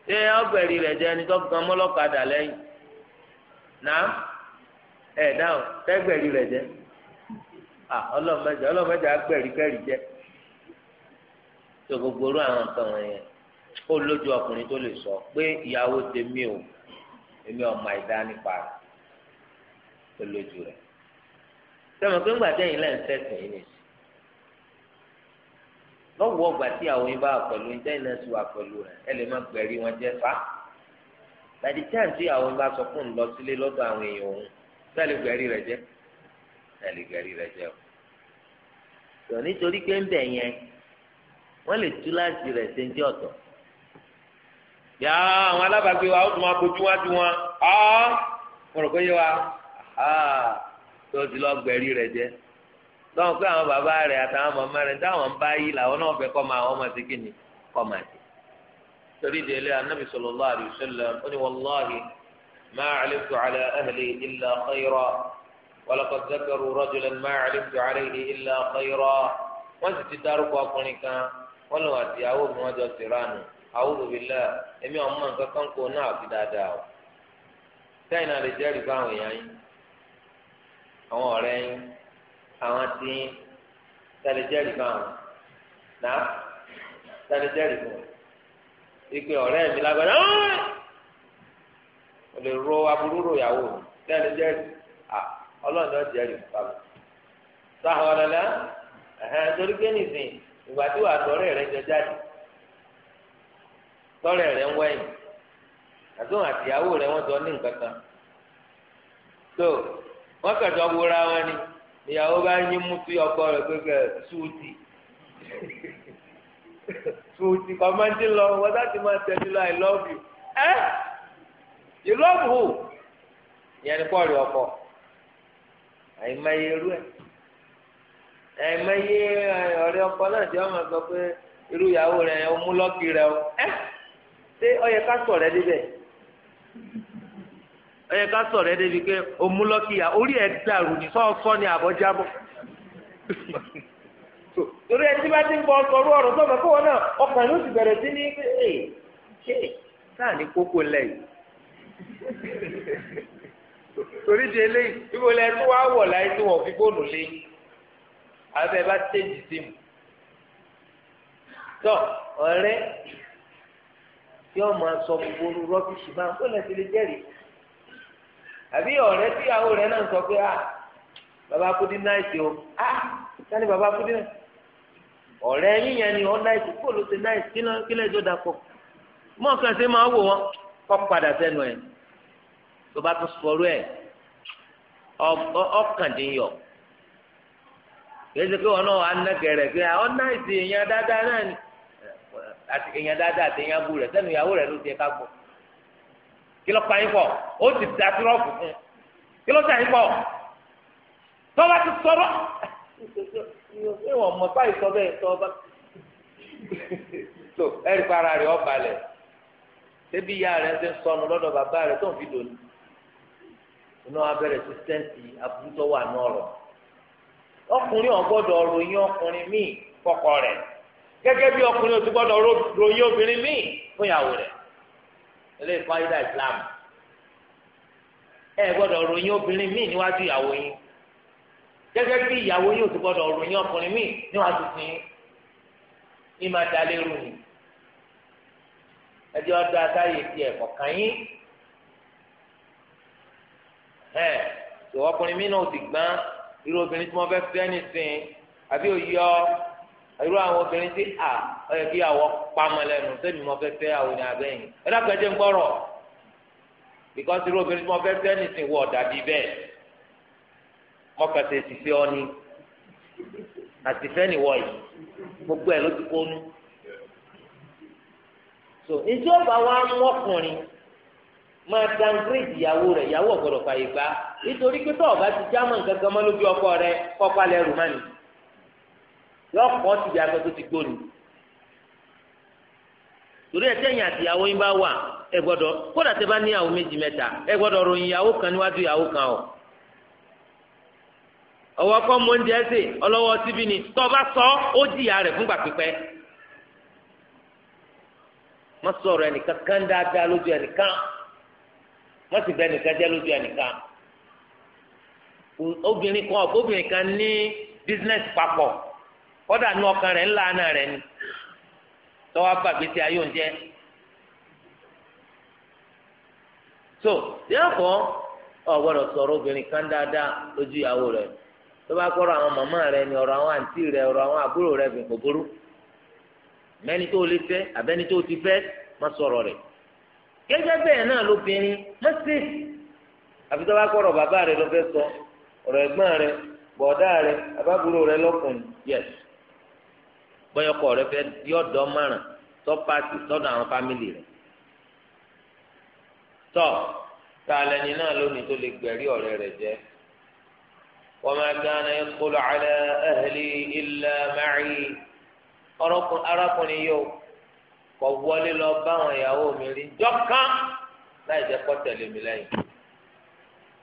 ṣé ọgbẹ̀rì rẹ̀ jẹ́ ẹni tó gan mọ́lọ́kadà lẹ́yìn náà ẹ̀ dáhùn rẹ̀ jẹ́ ọlọ́mọdé ọlọ́mọdé agbẹ̀rì kẹ́rì jẹ́ tó gbogbo àwọn nǹkan sọ pé ìyàwó tèmi ò èmi ọ̀ tó lójú rẹ̀ sọmọ pé ńgbà tẹ̀yìn lẹ́yìn tẹ̀sán yìí nìyí lọ́wọ́ ọgbà tí àwọn yín bá wà pẹ̀lú yín tẹ̀yìn náà sì wà pẹ̀lú rẹ̀ ẹ lè má gbẹ̀rí wọn jẹ́ fa gbàdí tí àǹtí àwọn yín bá sọ fún un lọ sílé lọ́dọ̀ àwọn èèyàn òun náà lè gbẹ̀rí rẹ̀ jẹ́ náà lè gbẹ̀rí rẹ̀ jẹ́ o tò nítorí pé ń bẹ̀ yẹn wọ́n lè tú láti rẹ̀ ṣe ń jẹ́ ọ̀tọ̀ yàrá àwọn alábàágbé wa ó tún máa bójú wájú wọn á mo rò pé yé wa. Ah, tó ti lọ gbẹ̀rí rẹ̀ jẹ́ lọ́wọ́n pé àwọn bàbá rẹ̀ àtàwọn màmá rẹ̀ táwọn ń bá yí làwọn náà fẹ́ kọ́ máa wọ́n máa ti kíni kọ́ máa ti. torí délé anábì sallallahu alaihi wasallam ó ní wàlláhi ma alimtu ala ahli illa khayra walaqad zakaru rajulan ma alimtu alayhi illa khayra wọ́n sì ti dárúkọ ọkùnrin kan wọ́n lọ àtìyàwó mi wọ́n àwọn ọ̀rẹ́ yín àwọn tí sáré bá wọn náà sáré bọ̀ ìpè ọ̀rẹ́ mi lágbàdo ó lè ro aburú ro ìyàwó mi ọlọ́ọ̀ni ọ̀ jẹ́rìí bá sáà ẹ̀hẹ́n torí pé nìsín ìgbà tí wàá tọ́rẹ́ rẹ wọ́n kẹ̀tọ́ wúra wọn ni ìyàwó bá ń yín mú sí ọkọ rẹ̀ pé sùúti sùúti kọ́mọ́ndé lọ wọ́n láti máa tẹ̀lé lọ i love you ẹ́ you love who ìyẹn ni pọ́ọ̀lù ọkọ àìmọye irú ẹ̀ àìmọye ọ̀rẹ́ ọkọ náà ti ọmọ sọ pé irú ìyàwó rẹ̀ ọmú lọ́kì rẹ̀ ọ ẹ́ ṣé ó yẹ ká sọ̀rọ̀ ẹ́ níbẹ̀ ẹyẹ ká sọ̀rọ̀ ẹ débi pé òmúlọ́kìyà orí ẹ̀ dàrú ní sọ́ọ̀sọ́ ni àbọ̀jábọ̀ torí ẹ tí bá ti ń bọ sọ̀rọ̀ ọ̀rọ̀ sọ̀rọ̀ fún wọn náà ọkàn yóò ti bẹ̀rẹ̀ sí ní pé ẹ ṣe sáà ní kókó lẹ̀ yìí torí di eléyìí ibo lẹ tó wá wọ̀ láyé tí wọ́n fi fóònù lé abẹ́ bá tẹ́jì sí mu tọ́ ọ̀rẹ́ tí wọ́n máa sọ gbogbo rọ́bìṣì máa ń kó lẹ́sìn lè jẹ́rìí. àbí ọ̀rẹ́ tí àwọn náà sọ pé ah bàbá kudi o ah sani bàbá kudi náà ọ̀rẹ́ ni ọ náìsì kó ló ṣe kílẹ̀ ẹjọ́ máa wò wọ́n kọ́ padà sẹ́nu ẹ̀ tó bá tún sọ̀rọ̀ ẹ̀ ọ̀kàndínyọ̀ kèsì pé náà wà ah, ọ èèyàn dáadáa náà ni èèyàn dáadáa àti èèyàn bú rẹ sẹ́nu ìyàwó ló kí ló pa yín pọ̀ ó ti da tírọ́ọ̀fù fún kí ló ta yín pọ̀ tọ́ba ti sọ̀rọ̀ ìwọ̀n mọ̀ báyìí sọ bẹ́ẹ̀ sọ bá so ẹ̀rí para rẹ̀ ọba lẹ̀ ṣébi ìyá rẹ̀ ṣe ń sọnù lọ́dọ̀ bàbá rẹ̀ tó ń fi dòní iná abẹ́rẹ́ sí sẹ́ǹtì abúlútọ́ wà ní ọ̀rọ̀ ọkùnrin ọ̀gbọ́dọ̀ ròyìn ọkùnrin míì fọkọ rẹ̀ gẹ́gẹ́ bí ọkùnrin ò ti gbọ́dọ̀ ròyìn obìnrin míì fún ìyàwó rẹ̀ ilé ìfọyídà islam ẹ gbọ́dọ̀ ròyìn obìnrin míì níwájú ìyàwó yín gẹ́gẹ́ bí ìyàwó yín ò ti gbọ́dọ̀ ròyìn ọkùnrin míì níwájú sí yín ní máa da lérò yìí ẹjọ́ ọdún atáyé tiẹ̀ kọ̀ọ̀kan yín ẹ ìwọ ọkùnrin míì náà ò ti gbọ́n irú obìnrin tí wọ́n fẹ́ fẹ́ nìsín àbí òyìí ọ irú àwọn obìnrin tí a ọyẹ kí àwọ pamọ́ lẹ́nu sẹbi mo fẹ́ fẹ́ àwọn ní abẹyìn ẹ dákẹjẹ ń gbọrọ because irú obìnrin tí mo fẹ́ fẹ́ nìsín wọ dàbí bẹ́ẹ̀ mo kàtẹ ti fi ọ ni àti fẹni wọ yìí gbogbo ẹ ló ti kónú so ìjọba wa ń wọkùnrin máa dangrèdì ìyàwó rẹ ìyàwó ọgbọdọ fàyè gbà nítorí pé tọ́ọ̀ bá ti jámọ̀ nǹkan kan mọ́ lójú ọkọ rẹ kọ́pálẹ̀ rùmánì lọ́kọ̀ọ́ ti di aṣọ tó ti gbóni torí ẹ tẹ̀yìn àtìyàwó yín bá wà ẹ gbọ́dọ̀ kódà tẹ́ bá níyàwó méjì mẹ́ta ẹ gbọ́dọ̀ ròyìn ìyàwó kan níwájú ìyàwó kan o ọwọ́ kọ́ mọ oúnjẹ ẹsẹ ọlọ́wọ́ síbi ni tọ́ bá sọ ó jìyà rẹ̀ fúngbà pípẹ́ má sọ̀rọ̀ ẹnìkan kán dáadáa lójú ẹnìkan má sì bẹ ẹnìkan jẹ́ lójú ẹnìkan obìnrin kan ọ̀pọ̀ obìnrin kan ní bísínẹ́sì papọ̀. kọ́dà nu ọkàn rẹ̀ ńlá náà rẹ̀ ni tọ́wọ́ gbàgbèsè ayé oúnjẹ. so therefore o sọrọ sọ̀rọ̀ obìnrin kan dáadáa lójú ìyàwó rẹ̀ tó bá kọ́rọ̀ àwọn màmá rẹ̀ ni ọ̀rọ̀ àwọn àǹtí rẹ̀ ọ̀rọ̀ àwọn àbúrò rẹ̀ bìn ti fẹ́ má sọ̀rọ̀ rẹ̀ gẹ́gẹ́ bẹ́ẹ̀ náà lóbìnrin má sí àfi sọ ọ̀rọ̀ ẹ̀gbọ́n rẹ̀ rẹ̀ rẹ̀ lọ́kùnrin yes bọ́yọ̀kọ rẹ fẹ́ yọ̀dọ̀ márùn tó paasi sọ́dọ̀ àwọn fámìlì rẹ̀ tọ́ tá a lẹni náà lónìí tó lè gbẹ̀rí ọ̀rẹ́ rẹ̀ jẹ́ wa ma kana yadkhulu ala ahli illa ma'i arákùnrin yóò kọ̀ wọlé lọ báwọn ìyàwó mi rí jọ́kán láì jẹ́ kó tẹ̀lé mi lẹ́yìn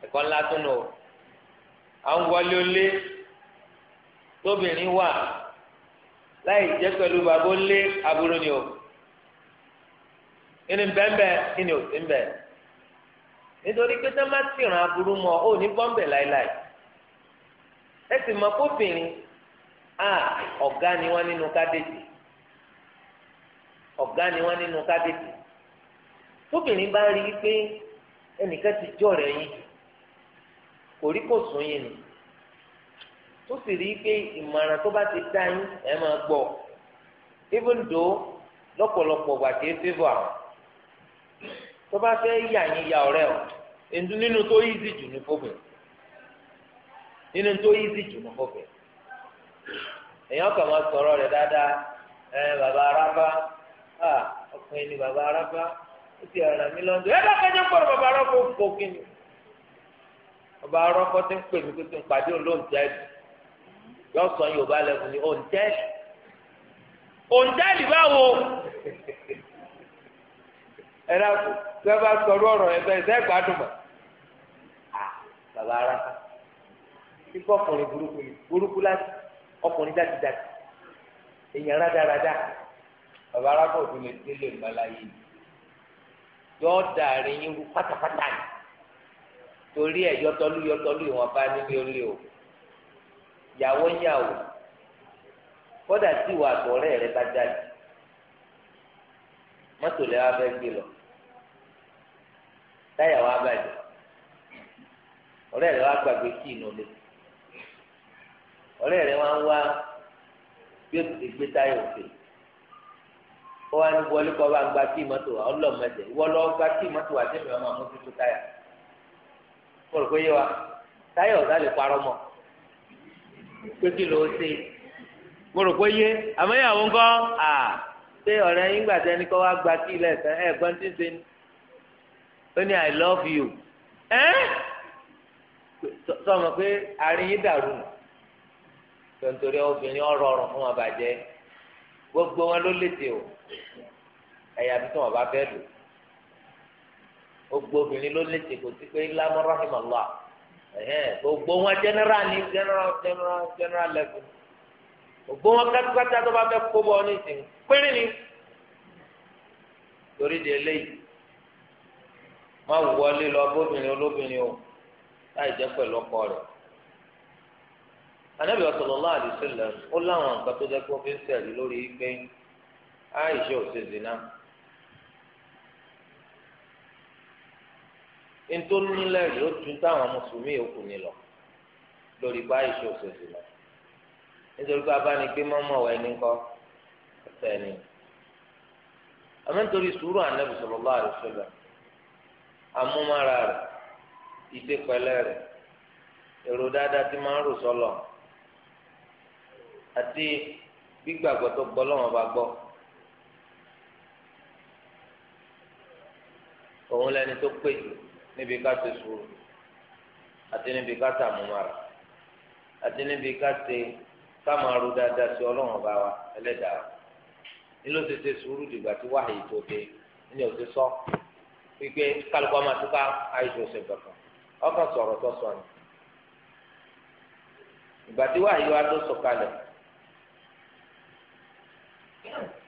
ẹ̀kọ́ ńlá tún nù à ń wọlé olé tóbìnrin wà láì jẹ́ pẹ̀lú bàbá lé aburú ni o ìní bẹ́ẹ̀bẹ́ ìní ò sí bẹ́ẹ̀ nítorí pé tá má sì ràn aburú mọ́ ò ní bọ́m̀bẹ̀ láéláé ẹ sì mọ kófìrín a ọ̀gá ni wọ́n nínú kádéjì ọ̀gá ni wọ́n nínú kádéjì tóbìnrin bá rí i pé ẹnìkan ti jọ̀rẹ̀ yín kò rí kò sún yín ni tó sì rí i pé ìmọ̀ràn tó bá ti dá yín ẹ máa gbọ́ even though lọ́pọ̀lọpọ̀ gbà kí é favour àwọn tó bá fẹ́ yà yín ya ọ̀rẹ́ o èdè nínú tó easy jù ní fóbìn nínú tó easy jù ní fóbìn èèyàn kàn máa sọ̀rọ̀ rẹ̀ dáadáa ẹ bàbá arábá ọkùnrin ni bàbá arábá ó ti ara mi lọ́dún ẹ lọ́kàn jẹ́ pọ̀rọ̀ bàbá arábá òfò kí ni bàbá arábá ti ń pè mí pé kí n pàdé òun lóun jẹ́ ẹ̀dùn yọ sọ yorùbá lẹ́kùn ní òǹtẹ́ẹ̀lì òǹtẹ́ẹ̀lì báwo ẹ dákun tẹ bá sọ̀rọ̀ ọ̀rọ̀ ẹ bẹ́ẹ̀ sẹ́ gbádùn mọ́ bàbá ara kíkọ́ ọkùnrin burúkú ni burúkú láti ọkùnrin dáti dáti èèyàn rádaràdà bàbá ara kò tún lè délé ìmọ̀láyé yọ dàrin yín pátápátá ni torí ẹ̀ yọtọ́lú yọtọ́lú ìwọ̀nba nílé olè o. yàwó yàwó kódà tí ìwà àtọ̀rẹ́ rẹ bá jáde mọ́tò lè wá gbé lọ táyà wá bàjẹ́ ọ̀rẹ́ rẹ wá gbàgbé kí inú lé ọ̀rẹ́ rẹ wà ń wá bí o ti gbé táyà òfin wá ní wọlé gba kí mọ́tò gba kí mọ́tò pé kí ló ṣe mo rò pé yé àmọ́ ìyàwó ńkọ́ à ṣé ọ̀rẹ́ yín gbà tẹ́ni kọ́ wá gba kí ilẹ̀ ẹ̀sán ẹ̀ gbọ́n tí ń ṣe ni ó ní i love you ẹ́ sọmọ pé àárín yín dàrú tontori obìnrin ọ̀rọ̀ ọ̀rọ̀ fún wọn bàjẹ́ gbogbo wọn ló lè tè o ẹ̀yà bí tí wọn bá fẹ́ lò gbogbo obìnrin ló lè tè kò sí pé lámọ́rọ́ ìmọ̀lá. gbogbo wọn general ni general general general level gbogbo wọn kátàkátà tó bá fẹ́ kó bọ ní ìsìn péré ni torí di eléyìí má wọlé lọ bóbìnrin olóbìnrin o láì jẹ́ pẹ̀lú ọkọ rẹ̀ anabi sallallahu alaihi wasallam ó láwọn nǹkan tó jẹ́ pé ó fi ń sẹrí lórí pé àìṣe zina. ntòlúnilẹ rẹ ó tún táwọn mùsùlùmí yòókù ní lọ lórí bá iṣẹ òṣèṣì lọ nítorí pé abánigbé mọmọ ọwọ ẹni kọ ọsẹ ni àmọ́ nítorí sùúrù ànábì sallallahu alaihi wasallam amúmára rẹ ìdépẹlẹ rẹ èrò dáadáa tí máa ń rò sọlọ àti gbígbàgbọ́ tó gbọ́ lọ́wọ́ bá gbọ́. òun lẹni tó pé jù níbi ká ṣe sùúrù àti níbi ká tàmúmára àti níbi ká ṣe ká ru dáadáa sí ọlọ́run ọba wa ẹlẹ́dàá ni ló ṣe sùúrù dìgbà tí wáhàyè tó dé ní òṣè sọ wípé kálukú ọmọ àtúkà àìsàn òṣè kankan ọkàn sọ̀rọ̀ tó sọ ni ìgbà tí wáhàyè wa tó sọ kalẹ̀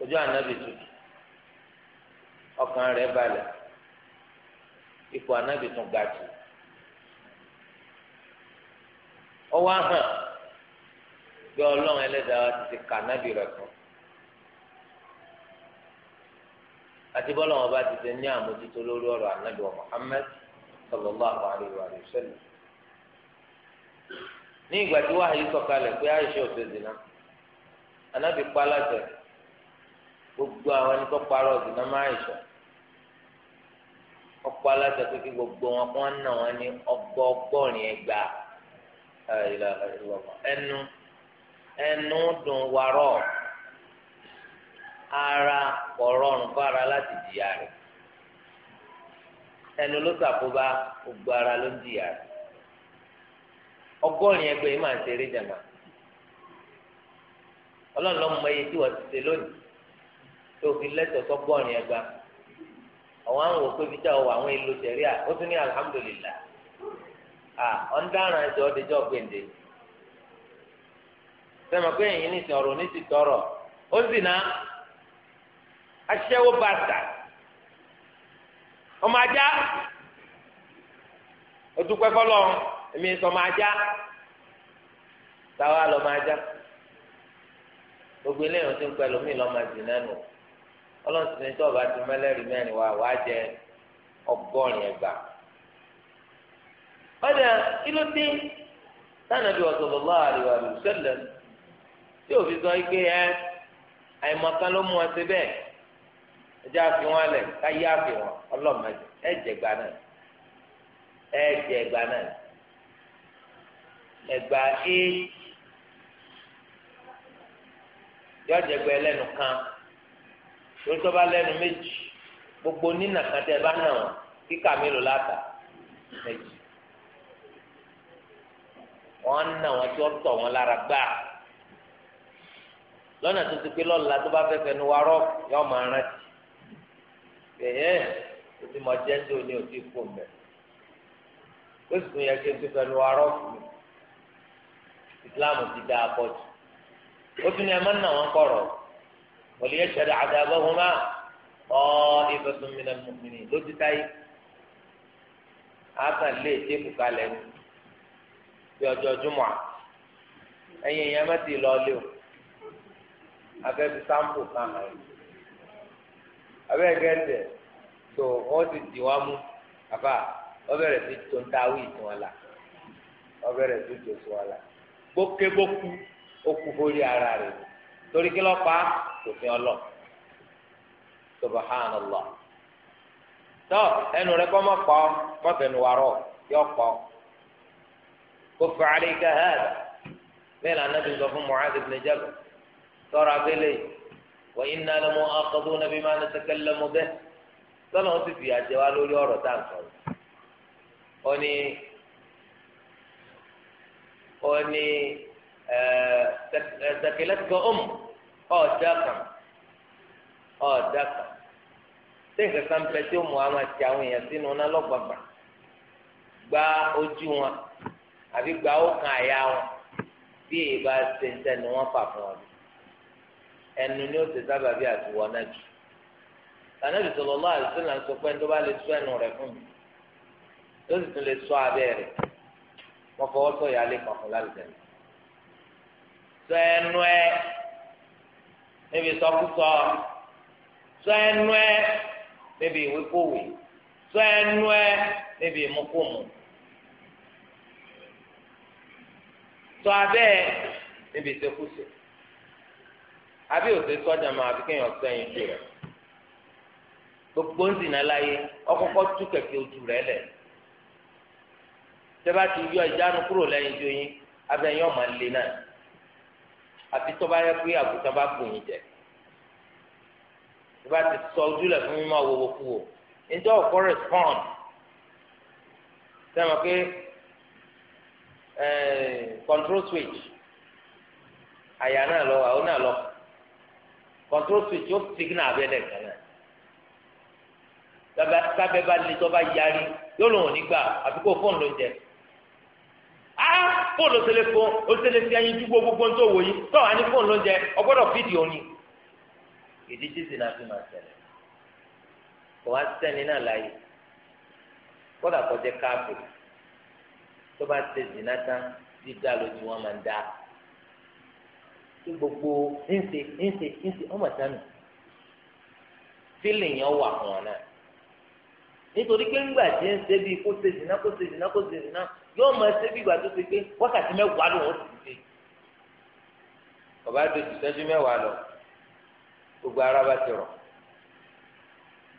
ojú ànábì ọkàn rẹ̀ balẹ̀. ipò anabi tún ga jù ọwọ́ ahàn bí ọlọ́run ẹlẹ́dàá ti ti anabi rẹ̀ fún àti bọ́lá wọn bá ti ti ní àmójútó lórí ọ̀rọ̀ anabi wa Muhammad sallallahu alayhi wa sallam ní ìgbà tí wàhálì sọ̀kalẹ̀ pé ọ̀sẹ̀ zina anabi gbogbo àwọn ẹni tó ọkọ aláṣẹ pé kí gbogbo wọn kọ́ náà wọn ní ọgọ́gọ́rin ẹgbà ẹnu ẹnu dùn wárọ̀ ara ọ̀rọ̀rùn fara láti jìyà rẹ̀ ẹnu ló sàkóbá gbogbo ara ló ń jìyà rẹ̀ ọgọ́rin ẹgbẹ́ yìí máa ń ṣeré jàmá ọlọ́run ló mọ iye tí wọ́n ti ṣe lónìí tó fi lẹ́tọ̀ọ́ sọ́gọ́rin ẹgbàá àwọn àwọn òkú ibi tá a wà àwọn èlò tẹ̀rí à ó tún ní alhamdulillah à ọ̀ndàrán ẹ̀jọ̀ ọ̀dẹ̀jọ̀ gbèǹde sẹ́mi pé èyí ní sọ̀rọ̀ ní ti tọrọ ó sì ná aṣẹ́wó bàtà ọmọ ajá ó dúpẹ́ fọlọ́ èmi sọmọ ajá táwa lọ́mọ ajá gbogbo eléyìí ti ń pẹ́ lómi lọ́mọ àdìnnà nù. ọlọ́run sì ní tó ti mẹ́lẹ́rìí mẹ́rin wá jẹ ọgọ́rin ẹgbà ọ̀dà kí sànàbí tí òfin sọ pé ẹ àìmọ̀kan ló mú ọ bẹ́ẹ̀ ẹjẹ́ àfi wọn lẹ̀ káyé àfi wọn ọlọ́mọdé ẹ̀jẹ̀ gbà náà ẹ̀jẹ̀ gbà náà é kan. torí tó bá lẹ́nu méjì gbogbo nínà kan tẹ́ bá nà wọn kíkà mélòó láta méjì wọn nà wọn tí wọn tọ̀ wọn lára gbáà lọ́nà tó ti pé lọ́la tó bá fẹ́fẹ́ nu warọ́ yọ máa rántí ẹ̀yẹ́ o ti mọ jẹ́ńdé o ní o ti kú mẹ́ o sì tún yẹ kí n tó fẹ́ nu warọ́ fún mi ìsìláàmù ti dáa pọ̀ jù ó tún ní ẹ wọn kọ̀rọ̀ o. وليشهد عذابهما طائفة من المؤمنين لو تتاي أتا ليه تيكو كالي في أجو جمعة ẹ̀yin èèyàn má ti lọ lé o afẹ́bi sampo kan hàn yín abẹ́rẹ́ gẹ́tẹ̀ tó wọ́n ti dì wá mú bàbá ọbẹ̀rẹ̀ sí tó ń ta awí ìtàn wa la ọbẹ̀rẹ̀ sí tó sùn wa la gbókébókú ó kú fórí ara rẹ̀ torí kí lọ́ọ́ pa á òfin ọlọ subhanallah tó ẹnu rẹ kọ́ mọ́ pọ́ mọ́fẹ́nu wàrọ̀ yọ pọ́ kó fàálí gahad bẹ́ẹ̀ ni anabi sọ fún mu'adh ibn jabal tọ́ra abẹ́lẹ̀ wa inna lamu'akhadhuna bima natakallamu bihi tọ́lọ́ ń fìfì àjẹ wa lórí ọ̀rọ̀ tá à ń sọ̀rọ̀ ó ní ó ní ẹ̀ eh, ẹ̀ tẹ̀kẹ̀lẹ́tìkọ̀ ọ̀mù. Umm, ọ̀ọ́dà kan ọ̀ọ́dà kan tí nǹkan kan bẹ tí ó mú àwọn àti àwọn èèyàn sínú náà lọ́gbàgbà gba ojú wọn àbí gba ọkàn àyà wọn bí ìbá ṣe ń tẹnu wọn fà fún ọ ẹnu ni ó ti sábà bí àtiwọ náà jù tànàbì sallallahu alaihi wasallam sọ pé tó bá lè sọ ẹnu rẹ̀ fún mi tó sì tún lè sọ abẹ́ rẹ̀ wọn fọwọ́ sọ ìyá lè kàn fún lálùjẹ sọ ẹnu ẹ níbi sọkúsọ sọ ẹnu ẹ níbi ìwékòwé sọ ẹnu ẹ níbi ìmúkùmù sọ abẹ níbi ìṣekúṣe àbí òsè sọjà máa fi kéèyàn sẹ́yìn tó rẹ gbogbo ń dìnnà láyé ọkọkọ tú kẹ̀kẹ́ ojú rẹ lẹ tẹ bá ti yọ ìjánu kúrò lẹ́yìn tó yín abẹ yín ọmọ lé náà àfi tó bá yẹ pé àgùntàn bá kù yín jẹ tó bá ti sọ ojúlẹ̀ fún mímọ́ àwòwò kú o níjọ́ ò correspond sẹ́wọ̀n pé eh, control switch àyà náà lọ àwọn náà lọ control switch ó signal abẹ́lẹ̀ kan náà sábẹ́ bá lè tó bá yarí yóò lòun nígbà àfi kó fóònù ló ń jẹ. Ah, fóònù òṣèlè fún òṣèlè sí ẹyin dúgbò gbogbo ń tó wò yìí tó wà ní fóònù ló ń jẹ ọgbọ́dọ̀ fídì òní. èdè jíjìn náà fi máa ṣẹlẹ̀ kò wá sẹ́ni náà láàyè kódà kọjá káàpù tó bá ṣe zìnnà tán dídá lójú wọn máa ń dá kí gbogbo ńṣe ńṣe ńṣe ọmọ sánmi fílì yẹn wà fún ọ náà nítorí pé ńgbà tí ń ṣe bíi kó ṣe zìnnà kó ṣe zìnnà kó ṣe zìnnà yóò máa ṣe bí ìgbà tó ṣe pé wákàtí mẹ́wàá ló wọ́n ti ṣe. bàbá dojú sẹ́jú mẹ́wàá lọ gbogbo ara bá ti rọ̀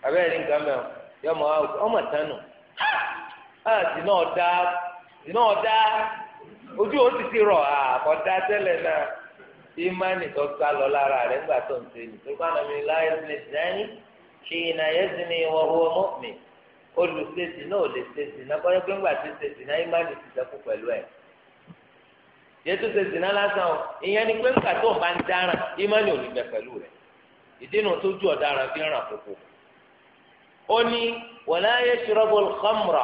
abẹ́rẹ́ nǹkan mẹ́wàá yọ mọ ọmọ tánu dìnnà ọ̀dá dìnnà ọ̀dá ojú ó sì ti rọ̀ àkọ́dá tẹ́lẹ̀ náà ìmánì tó sá lọ lára rẹ̀ ńgbà tó ń ṣe nìkan. nípa àná mi láyé ní sẹ́yìn kí ìnáyẹ́sìn ni wọ́n wọ́n mọ́ mi. olùsèsì náà ò lè sèsì náà kọ́yọ́ pé ńgbà tí sèsì náà ìmánì ti sẹ́kù pẹ̀lú ẹ̀ yẹtù sèsì náà lásán o ìyẹn ni pé ńgbà tó ń bá ń dáràn ìmánì ò ní bẹ pẹ̀lú rẹ̀ ìdínà tó ju ọ̀daràn fi ràn kókó ó ní wala yashrabu al-khamra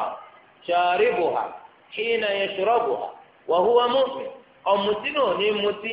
sharibuha hina yashrabuha wa huwa mu'min ọ̀mùtí náà ní mutí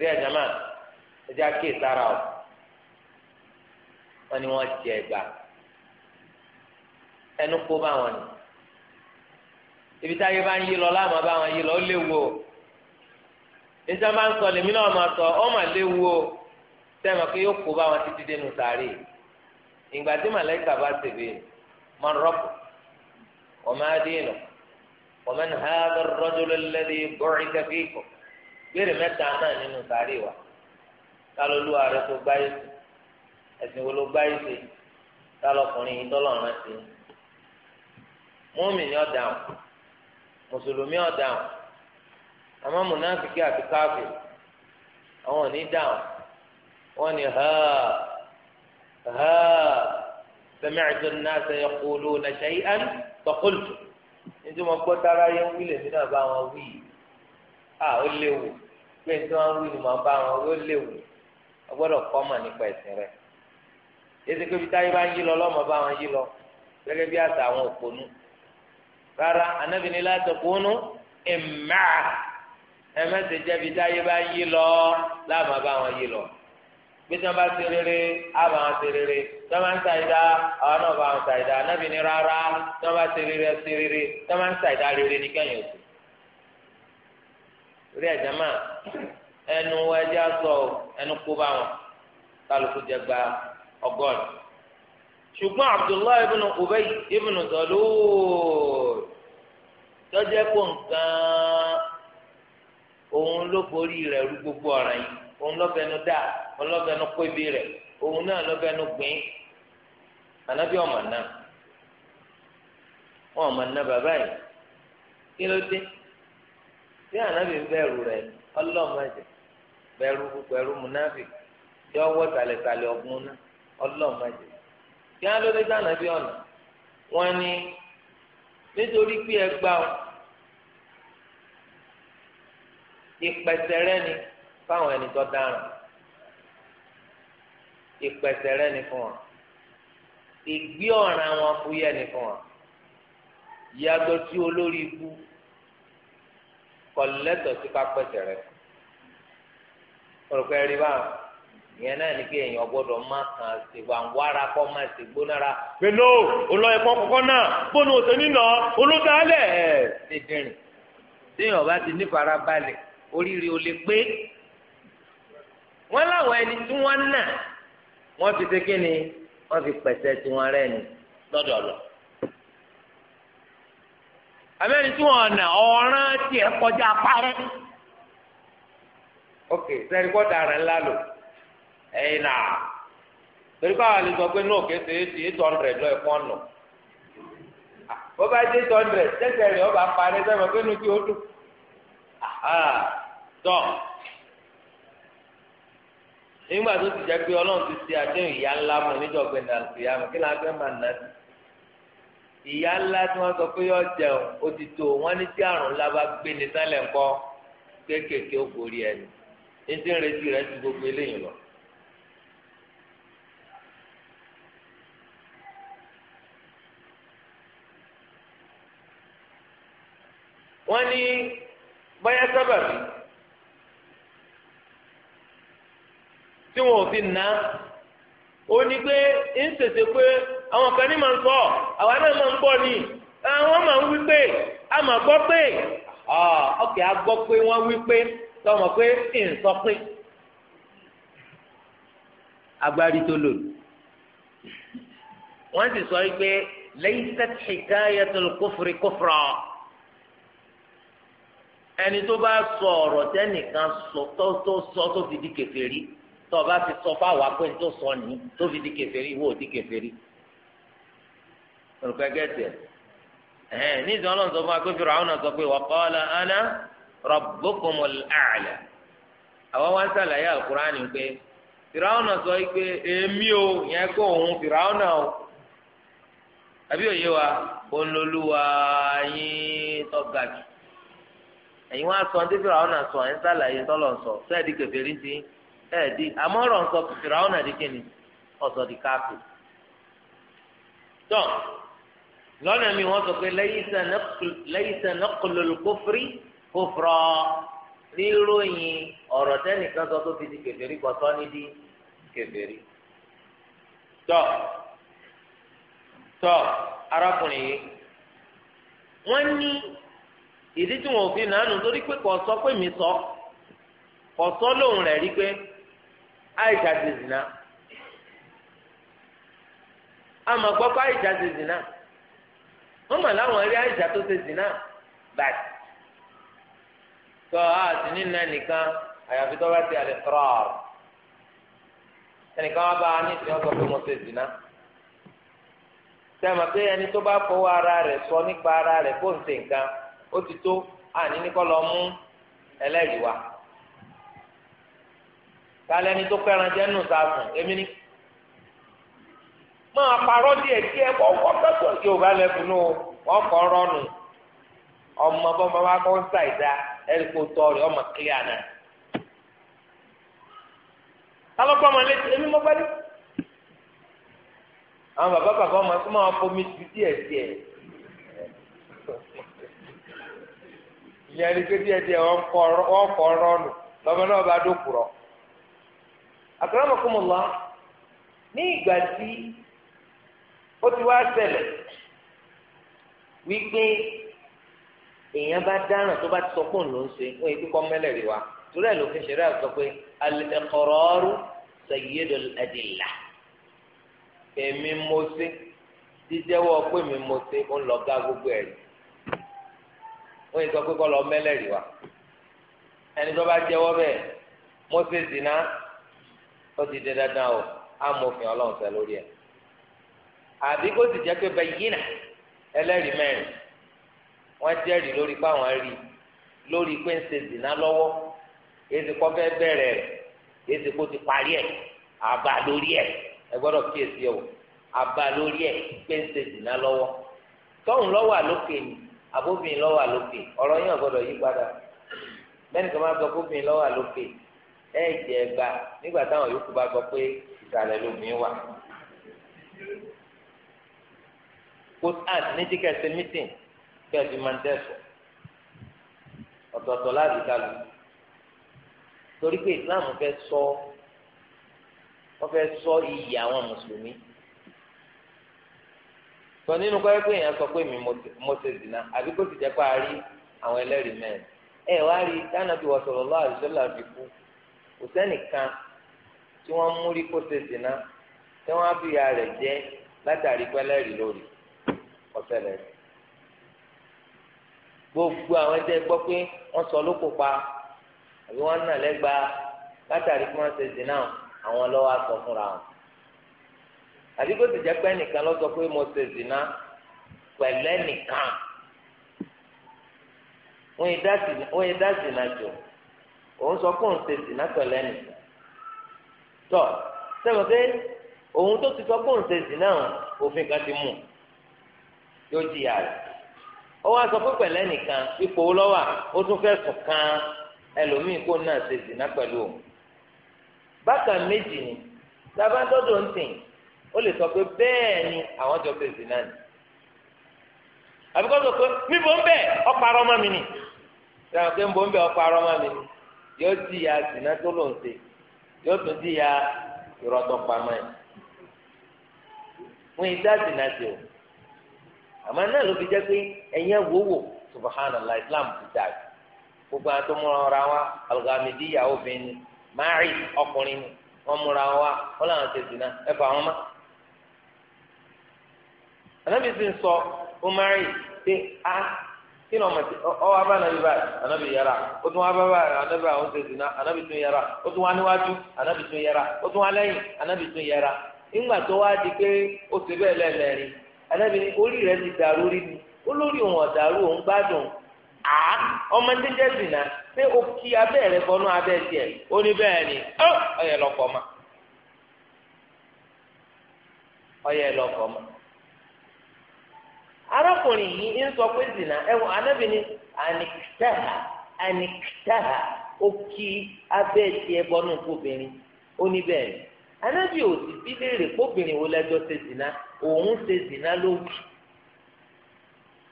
torí ẹ̀ jama ẹjẹ́ àkíyè sára o wọ́n ní wọ́n jẹ ẹgbà ẹnu kó bá wọn ni ibi táyé bá ń yí lọ láàmú bá wọn yí lọ ó léwu o níta máa ń sọ lèmi náà máa sọ ọ mà léwu o sẹ́mi pé yóò kó bá wọn títí dénú sáré ìgbà tí màlẹ́kà bá tẹ̀lé máa rọ́pò wọ́n máa dín nù wọ́n máa ń ha bẹ́ẹ̀ rọ́jò lẹ́lẹ́dẹ́ bọ́ọ̀rì kẹfíkọ̀ béèrè mẹ́ta náà nínú sáré wa kálólú ààrẹ tó gbáyé sí ẹ̀sìn wo ló gbáyé sí kálọkùnrin yìí tọ́lọ́run sí múmi ni ọ̀dàwọ̀n mùsùlùmí ọ̀dàwọ̀n àmọ́ mùnáfíkì àti káfí àwọn òní dàwọ̀n wọ́n ní ha ha sami'tu an-nasa yaquluna shay'an fa qultu nítorí wọ́n gbọ́ tára yẹn wílẹ̀ nínú àbá wọn wíyì. Ah ó léwu pé ní tí wọ́n ń wí ni màá bá wọn ó léwu a gbọ́dọ̀ kọ́ mà nípa ẹ̀sìn rẹ̀ yéésì pé bíi táyé bá ń yí lọ lọ́mọ bá wọn yí lọ gẹ́gẹ́ bí àṣà àwọn òpònú rárá anábì ní láti kúnú ẹ̀mà ẹ̀mẹ́sẹ̀ jẹ́ bíi táyé bá ń yí lọ láàmà bá wọn yí lọ bí tí wọ́n bá ti rere á wọn ti rere tí wọ́n bá ń ta ìdá àwọn náà bá wọn ta ìdá anábì rárá tí wọ́n bá ti rere ti rere tí wọ́n bá ń ta ìdá rere ní kẹ́yìn òsì rí ẹ̀jẹ̀ máa ẹnu ẹjẹ́ aṣọ ẹnu kó bá wọn kálukú jẹ gba ọgọ́rin ṣùgbọ́n abdullahi ibn ubay ibn zalul tọ́jẹ́ kó nǹkan òun ló borí rẹ̀ rú gbogbo ọ̀ràn yìí òun lọ́bẹ̀nu dá òun lọ́bẹ̀nu pébi rẹ̀ òun náà lọ́bẹ̀nu gbìn ànábì ọ̀mọ̀ náà wọn náà bàbá yìí kí ló dé tí ànábì bẹ̀rù rẹ̀ ọlọ́mọdé bẹ̀rù bẹ̀rù múnáfì tí ọwọ́ tàlẹ̀tàlẹ̀ ọ̀gbun náà ọlọ́mọdé kí á lóde sànàbí ọ̀nà wọn ni nítorí pé ẹ gbà ọ ìpẹ̀sẹ̀rẹ́ ni fáwọn ẹni tó dáràn ìpẹ̀sẹ̀rẹ́ ni fún wọn ìgbé ọ̀ràn wọn fúyẹ́ ni fún wọn yàtọ̀ tí olórí ikú kọlẹtọ sí kápẹsẹ rẹ kọlọpẹ rí báwọn ìyẹn náà ní kí èèyàn gbọ́dọ̀ má kàn sí wa wára kọ má sí gbónára. pẹ̀lú olóyè kan kọ́kọ́ náà bónú òsè nínà olódàálẹ̀. ẹ ṣe dìrìn téèyàn bá ti nífarabalẹ̀ oríire ò lè pé wọn láwọn ẹni tí wọn nà wọn fi ṣe kí ni wọn fi pẹ̀sẹ̀ tiwọn rẹ ni lọ́dọ̀ abẹ́ni tí wọ́n nà ọ̀ràn tiẹ̀ kọjá parẹ́. ok sẹ́ni kọ́ dara ńlá lò ẹ̀yin nà torí báwa lè sọ pé náà eight hundred lọ ẹ̀kọ́ nù bó bá dé eight hundred tẹ́sẹ̀ rẹ̀ ọba parẹ́ sẹ́ni pé nu kí o dùn tọ́ nígbà tó ti jẹ́ pé ọlọ́run ti ṣe àdéhùn ìyá ńlá níjọ́ ìyá ńlá tí wọ́n sọ pé yọ jẹun ó ti tó wọ́n ní tí àrùn ńlá bá gbé ní sálẹ̀ ńkọ́ kéékèèké ó gorí ẹni ní tí ń retí rẹ̀ ti gbogbo eléyìí lọ. wọ́n ní báyà sábàbí tí wọn ò fi ná ó ní pé ń tètè pé àwọn kan ní máa ń sọ àwa náà máa ń gbọ́ ni àwọn máa ń wí pé a máa gbọ́ pé ọkẹ́ a gbọ́ pé wọ́n wí pé tọmọ pé ń sọ pé agbárí tó lò wọ́n sì sọ pé laysat hikayatul kufri kufra ẹni tó bá sọ ọ̀rọ̀ tẹ́nìkan sọ tó sọ tó fi di kèfèrí tó o bá ti sọ fáwọn apẹ́ tó sọ ní tó fi di kèfèrí ìwọ ò di kèfèrí olùkọ́ ẹgbẹ́ tẹ̀ ẹ̀hẹ́n ní ìsìn ọlọ́run sọ fún akpé fìrà ọ̀nà sọ pé wa qala ana rabbukumul a'la àwọn wá ń sàlàyé àlùkùránì pé fìrà ọ̀nà sọ pé èmi o yẹn kó òun fìrà ọ̀nà o àbí òye wa olólùwà yín tọ́ga jù ẹ̀yin wá sọ ní fìrà ọ̀nà sọ ẹ̀ ń sàlàyé tọ́lọ̀ ẹ di àmọ́rọ̀ ń sọ fìràwọn náà di kíni ọ̀sọ̀ di káàpù. tọ́ lọ́nà mi wọ́n sọ pé laysa naqlul kufri kufra ríròyìn ọ̀rọ̀ tẹ́nìkan sọ tó fi di kèfèrí kọ́ sọ ní di kèfèrí. tọ́ tọ́ arákùnrin yìí wọ́n ní ìdí tí wọn fi nàánú torí pé kò sọ pé mi sọ kò sọ lóhùn rẹ̀ rí pé. àìsà ti zìnà àmọ́ gbọ́ pé àìsà ti zìnà wọ́n mọ̀ láwọn rí tó ti zìnà àyàfi tó bá ti àlè kọ́rọ̀ ẹnìkan wá bá a ní ìsìn ọgbọ́n pé mo ti pé ara sọ nípa ara nǹkan ó ti tó kálẹ̀ ni tó kẹran jẹ́ nù èmi ni máa parọ́ díẹ̀ pẹ́pọ̀ kí o bá lẹ́kùn nù wọ́n kọ́ rọ́ọ̀nù ọmọ bọ́mọ bá kọ́ ń ṣàìdá ẹ̀rí kò tọ́ rẹ̀ ọmọ kílíà náà alọ́kọ́ ọmọ létí èmi mọ́ bá àwọn bàbá bàbá ọmọ tó máa fomi díẹ̀ díẹ̀ ìyẹn ni pé díẹ̀ díẹ̀ wọ́n kọ́ rọ́ọ̀nù lọ́mọ náà bá dókùrọ̀. akramakumullah ní ìgbà tí ó ti wá ṣẹlẹ̀ wípé èèyàn bá dáràn tó bá ti sọ fóun ló ń ṣe wọn èyí kíkọ mẹlẹrì wa torí ẹ lófin ṣẹlẹ àti sọ pé al-iqraru sayyidul adilla èmi mo ṣe jíjẹ́wọ́ pé mi mo ṣe ń lọ gá gbogbo ẹ wọn èyí sọ pé kọ lọ mẹlẹrì wa ẹni tó bá jẹ́wọ́ bẹ́ẹ̀ mo ṣe zina ó ti di dandan o amòfin ọlọ́run ṣẹ lórí ẹ̀ àbí kó sì jẹ́ pé bẹ́yìnà ẹlẹ́rìí mẹ́rin wọ́n jẹ́rìí lórí páwọn rí lórí pé ń ṣe zìnà lọ́wọ́ èsì kọ́ fẹ́ bẹ̀rẹ̀ rẹ̀ èsì kó ti parí ẹ̀ àbá lórí ẹ̀ ẹ gbọ́dọ̀ kíyèsí o àbá lórí ẹ̀ pé ń ṣe zìnà lọ́wọ́ tọ́hún lọ́wọ́ àlókè ni àbófin lọ́wọ́ àlókè ọ̀rọ̀ yẹn ò gbọ́dọ̀ yí padà bẹ́ẹ̀ ni kò máa sọ kófin lọ́wọ́ àlókè ẹ jẹ gbaa! nígbà táwọn yòókù bá gbọ́ pé ìsàlẹ̀ lómi wà. quote-ant ní tí mítìn kẹsì máa ń tẹ̀sọ̀ ọ̀tọ̀ọ̀tọ̀ láti kálù torí pé Islam fẹ́ sọ wọ́n fẹ́ sọ iyì àwọn mùsùlùmí sọ nínú kọ́ pé èèyàn sọ pé mi mo ṣe àbí kó sì jẹ́ pé rí àwọn ẹlẹ́rìí mẹ́rin ẹ wá rí sọ̀rọ̀ kò sẹ́nìkan tí wọ́n mú rí kó ṣe sìnà tí wọ́n á fi ya rẹ̀ jẹ́ látàrí pẹ́lẹ́rì lórí ọ̀sẹ̀lẹ̀ gbogbo àwọn ẹjẹ́ gbọ́ pé wọ́n sọ lóko pa àbí wọ́n nà lẹ́gbàá látàrí pé wọ́n ṣe sìnà àwọn lọ́wọ́ aṣọ fúnra wọn àbí kó ti jẹ́ pé ẹnìkan lọ sọ pé mo ṣe sìnà pẹ̀lẹ́ nìkan wọ́n yẹ dá sìnà jù òun sọ fún òun ṣe zìnà pẹ̀lú ẹnì tọ́ sẹ́wọ̀n pé òun tó ti sọ fún òun ṣe zìnà òfin kan ti mú yóò jìyà rẹ̀ ó wá sọ pé pẹ̀lú ẹnìkan ipò wo lọ́wọ́ ó tún fẹ́ sùn kan ẹlòmíì kó náà ṣe zìnà pẹ̀lú òun bákan méjì ni sábàtọ́dọ̀ ń tì ó lè sọ pé bẹ́ẹ̀ ni àwọn jọ ṣe zìnà ni àbíkọ́ sọ pé mi bò ń bẹ̀ ọ̀parọ́ mọ́ mi ni ṣé àwọn pé ń bò ń bẹ̀ ọ̀parọ́ mọ́ mi ni. yóò ya zina tó lò ń ṣe yóò tún ya ìrọ̀tọ̀ pamọ́ ẹ̀ fún ìdá zina ṣe o àmọ́ náà ló fi jẹ́ pé ẹ̀yẹ wòwò subhanallah islam ti dà gbogbo àwọn tó múra ra wa alùpàmìdí ìyàwó obìnrin máàrí ọkùnrin ni wọ́n múra wa zina ẹ fà wọ́n kí ni ọ anabi anabi yara ó tún wá bá báyìí anabi àwọn ṣe zina anabi tún tún anabi tún yara tún wá lẹ́yìn anabi tún yara nígbà tó wá di pé ti bẹ́ẹ̀ anabi ti dàrú rí olórí òun òun gbádùn á zina pé o kí abẹ́ rẹ̀ bọ́nú abẹ́ tiẹ̀ ó ní bẹ́ẹ̀ ni ọ̀yẹ̀ ma arákùnrin yìí ń sọ pé zina ni anikitaha anikitaha ó kí kóbìnrin ó ní bẹ́ẹ̀ bí léèrè kóbìnrin wo lẹ́jọ́ ṣe zina òun ṣe zina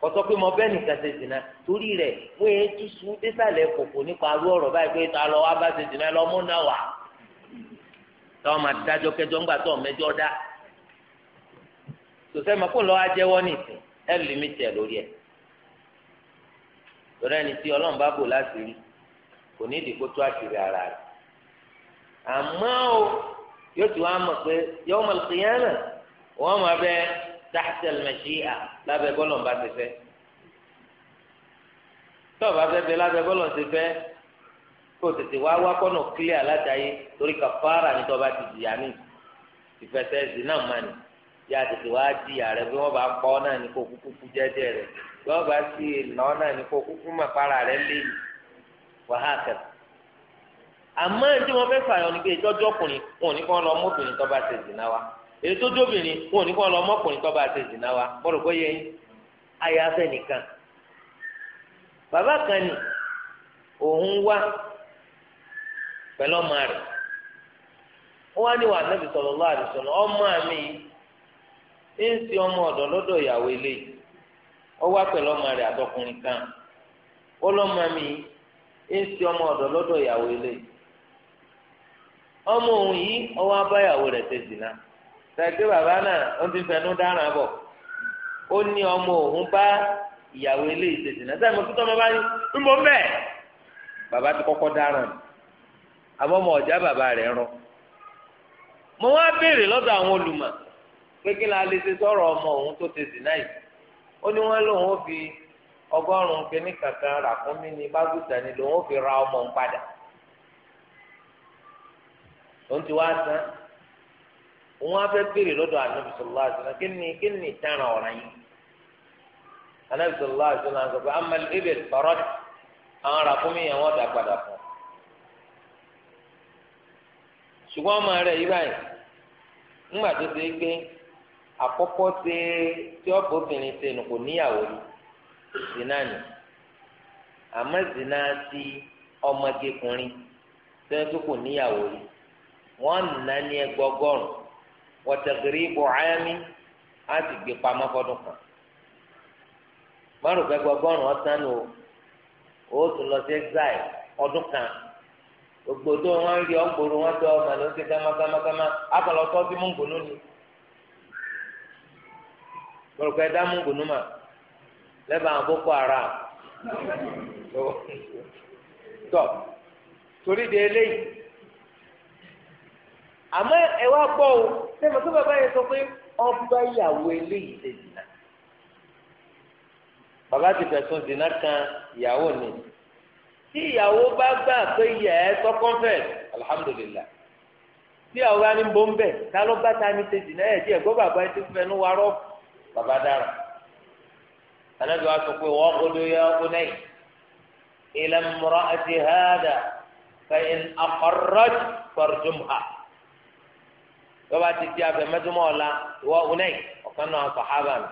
kọsọ pé zina torí rẹ̀ wọ́n yẹn tún lọ wá bá ṣe lọ mú náà táwọn máa dájọ́ ńgbà tó dá kó ẹ límítì ẹ lórí ẹ lórí ẹni tí ọlọ́run bá bò láti rí kò ní ìdí kó tó àṣírí ara rẹ̀ àmọ́ o yóò tún wá mọ̀ pé yawm al-qiyamah wọ́n máa bẹ tahta al-mashi'a lábẹ́ bọ́lọ̀ ń bá ti fẹ́ tọ́ọ̀bù afẹ́fẹ́ lábẹ́ bọ́lọ̀ ti fẹ́ kó tètè wá wá kọ́nà kílíà látàyè torí kàfàrà ní tọ́ba ti dìyà ní ìfẹsẹ̀ ẹ̀sìn yá tètè wá di ààrẹ bí bá náà ní kó kúkú kú bí bá náà ní para wàhálà àmọ́ ẹni tí wọ́n fẹ́ fààyàn ni pé ọkùnrin wọn ò ní kó lọ ọmọbìnrin tó bá ṣe wa èyí tó jóbìnrin wọn ò ní kó lọ ọmọkùnrin tó bá ṣe zìnà wa bọ́dọ̀ bóyá yín ayáfẹ́ nìkan. bàbá kan ni òun wá pẹ̀lú ọmọ rẹ̀ wá ní wàhálà e ọmọ ọ̀dọ̀ lọ́dọ̀ ìyàwó ilé ọ wá pẹ̀lú ọmọ rẹ̀ àtọkùnrin kan ó mi ọmọ ọ̀dọ̀ lọ́dọ̀ ìyàwó ilé ọmọ òun yìí ọwọ́ abáyàwó rẹ̀ ṣe bàbá náà ó ti fẹnu dára bọ̀ ó ní ọmọ òun bá ìyàwó ilé ọmọ bá ń bọ́ bàbá ti kọ́kọ́ dára ni àmọ́ ọmọ bàbá rẹ̀ rán mo wá béèrè lọ́dọ̀ àwọn olùmọ̀ pé kí la lè ṣe sọ̀rọ̀ ọmọ òun tó ti zì náà yìí ó ní wọ́n lòun ó fi ọgọ́rùn-ún kínní kankan rà fún mi ní bágùtà ni lòun ó fi ra ọmọ òun padà òun ti wá san òun á fẹ́ lọ́dọ̀ ànábì sọ̀rọ̀ àṣìlá ni kí ọ̀ràn yìí ànábì sọ̀rọ̀ àṣìlá sọ pé àwọn rà fún mi yẹn wọ́n dà padà fún un ṣùgbọ́n àkọ́kọ́ ṣe tí ọ̀pọ̀ obìnrin ṣe kò níyàwó rí zina nù àmọ́ zina ti ọmọgekùnrin tí wọ́n níyàwó rí ní ẹgbọgọ́rùn wọ́tẹ̀gírí ibò ayámi gbé pamọ́ fọdún kan tún sí kan gbogbo tó wọn wọn gbọdọ̀gbọ́ ẹ̀dá múngùnú mà lẹ́bàá àwọn boko haram tọ́ torí de eléyìí àmọ́ ẹ wá gbọ́ o sẹ́mi tó bàbá yẹn sọ pé ọba ìyàwó eléyìí ṣe dìnnà bàbá ti fẹ̀sùn dìnnà kan ìyàwó ni tí ìyàwó bá gbà pé ìyà ẹ tọkànfẹ́ alihamudulilayi tí àwọn bá ní bọ́ ń bẹ̀ tá ló bá ta ni ṣe dìnnà ẹ̀ díẹ̀ gbọ́ bàbá yẹn ti fẹnu wa rọ́ọ̀fù bàbá dára anabi wa sọ pé wọ́n kodo yẹ ọkùnrin yìí ilẹ̀ mura àti hàdà fẹ̀yìn akọ̀rọ̀t fọ̀rọ̀dùmá yọba ti di afẹmẹdùmá ọ̀la wọ́n ọkùnrin yìí ọ̀kan náà sọ̀hábà mi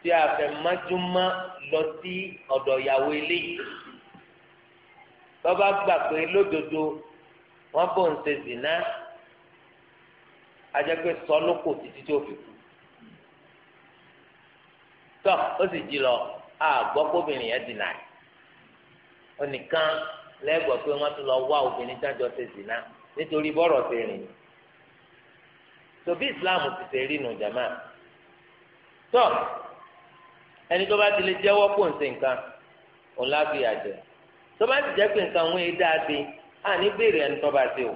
tí a fẹ́ májúmá lọ sí ọ̀dọ̀ ìyàwó eléyìí lọ́ba pé lódodo wọ́n bò ń ṣe zìnà ajẹ́pẹ́ sọ lóko títí tó fi kú tọ́ ó sì jí lọ àgbọ́ kóbìnrin yẹn dìnnà onìkan lẹ́gbọ̀ pé wọ́n tún lọ wá obìnrin jájọ ṣe zìnà nítorí bọ́rọ̀ ṣe rìn tòbí Islam ti ṣe rí nù jàmá tọ́ ẹni tó bá ti lè jẹ́wọ́ kó ń ṣe nǹkan òun láfi àjẹ tó bá ti jẹ́ pé nǹkan òun yìí dáa sí àní béèrè ẹni tó bá ṣe o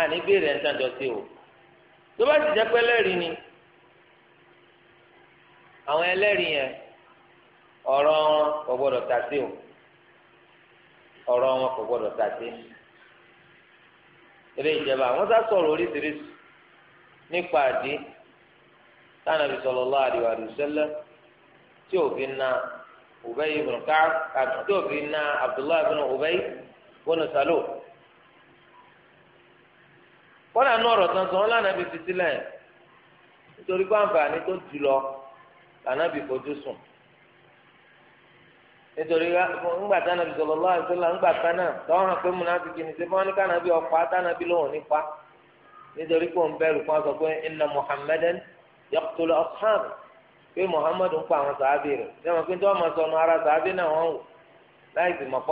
àní béèrè ẹni tó bá ṣe o tó bá ti jẹ́ pé lẹ́rìí ni. àwọn ẹlẹ́rìí yẹn ọ̀rọ̀ wọn kò gbọ́dọ̀ o ọ̀rọ̀ wọn kò gbọ́dọ̀ tà sí eré ìjẹba àwọn sá sọ̀rọ̀ oríṣiríṣi nípa àdín tánàbí sallallahu alaihi wasallam tí òfin na ibn tí òfin na Abdullahi ibn Ubay ibn Salul náà tuntun Kanabi fojú sùn nítorí ńgbà tánàbì sallallahu alaihi wasallam ńgbà kánà tọ́hàn pé múnafíkì ní sẹ́fọ́n ní kánàbì ọ̀pá tánàbì lòun nípa nítorí pé òun bẹ̀rù kan sọ pé inna muhammadan yaqtulu ashab pé muhammadu ń pa àwọn sàábì rẹ̀ sẹ́wọ̀n pé tí wọ́n máa sọnù ara sàábì náà wọ́n wò láì sì máa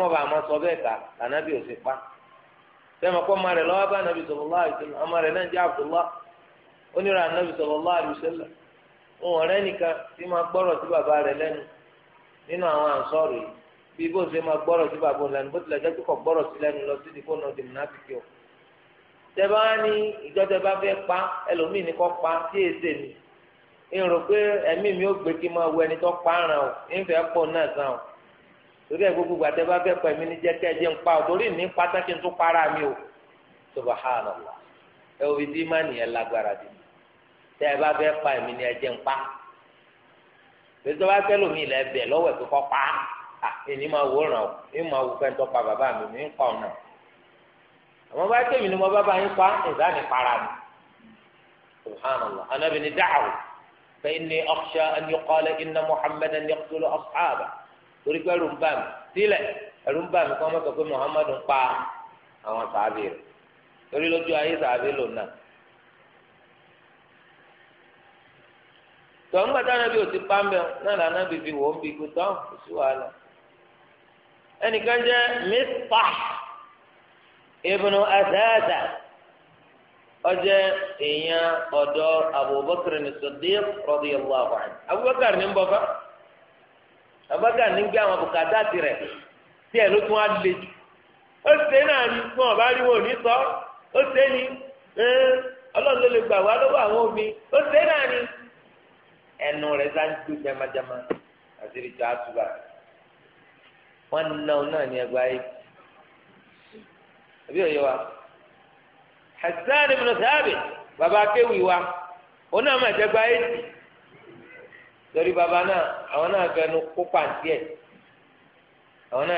mọ̀ bá máa sọ bẹ́ẹ̀ ò sì pa sẹ́wọ̀n pọ́ máa onírà anábì sallallahu alaihi wasallam òun ọ̀rẹ́ nìkan tí máa gbọ́rọ̀ sí bàbá rẹ̀ lẹ́nu nínú àwọn àǹsọ́ọ̀rù yìí bí bó ṣe máa gbọ́rọ̀ sí bàbá òun lẹ́nu bó tilẹ̀ jẹ́ kíkọ̀ gbọ́rọ̀ sí lẹ́nu lọ sí ìdíkó náà dèmínà fìkì o. tẹ́bá ní ìjọba bá fẹ́ pa ẹlòmíì ní kọ́ pa sí èsè mi ń rò pé ẹ̀mí mi ò gbé kí n máa wọ ẹni tó pa ara o ń fẹ́ pọ̀ náà san o torí ẹ̀ gbogbo àtẹ́bá fẹ́ pọ̀ ẹ̀mí ní jẹ́ kẹ́ ẹ tẹ ẹ bá fẹ́ pa èmi ni ẹ jẹ́ ń pa tètè bá fẹ́ lómi ilẹ̀ bẹ̀ lọ́wọ́ ẹ̀kọ́ kọ́ pa á èmi máa wò ràn ọ́ èmi máa wò fẹ́ntọ́ pa bàbá mi mi ń pa ọ̀nà àmọ́ bá tẹ̀mí ni mo bá bá yín pa ìgbà ni para mi subhanallah anabi ni da'ahu fa inni akhsha an yuqala inna muhammadan yaqtulu ashaba torí pé ẹ̀rù ń bà mí sílẹ̀ ẹ̀rù ń bà mí kọ́ mọ́tò pé muhammadu ń pa àwọn sàábì rẹ̀ torí lójú ayé sàábì lòun náà tọ́ ńgbà tí anábì ò ti pa mbẹ́ náà là anábì fi wò ó ń tọ́ kò sí wàhálà. ẹnìkan jẹ́ Azaza ọjẹ́ èèyàn ọ̀dọ́ Abubakar ní Siddiq radiyallahu anhu Abubakar ní bọ́ Abubakar ní gbé àwọn tirẹ̀ tí ẹ̀ ló tún á jù ó ṣe náà ní fún ní sọ ó ṣe ní ọlọ́run ló lè gbà wá lọ́wọ́ àwọn òbí ó ṣe náà ní. ẹnu rẹ̀ sáńtú jamajama àti ìjọ àtúbà wọn nà náà ní ẹgbàá yìí àbí òye wa baba wa òun náà máa torí baba náà àwọn náà fẹnu kó pàǹtí ẹ àwọn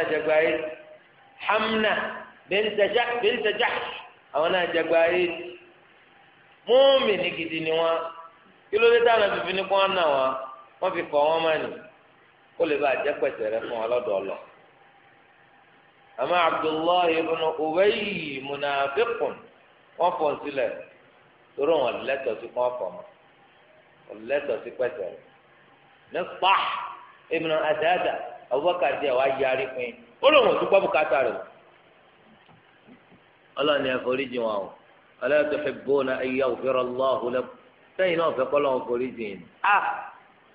Hamna àwọn náà kí ló dé táwọn kwan fi ní kó wọn nà wọn wọn fi kọ wọn mọ́ni kó lè bá jẹ́ pẹ̀sẹ̀ rẹ fún wọn lọ́dọ̀ ọlọ. àmọ́ abdullahi ibn ubayi munafikun wọn fọ̀ sílẹ̀ torí wọn lẹ́tọ̀ọ́ sí kọ́ fọ̀ mọ́ wọn sí rẹ. nípa abubakar díẹ̀ wá yarí pin ó lóun ò tún gbọ́ bùkátà rẹ̀ ọlọ́ni ẹ̀fọ́ o ala sẹ́yìn náà fẹ́ kọ́lọ́ forí jìn a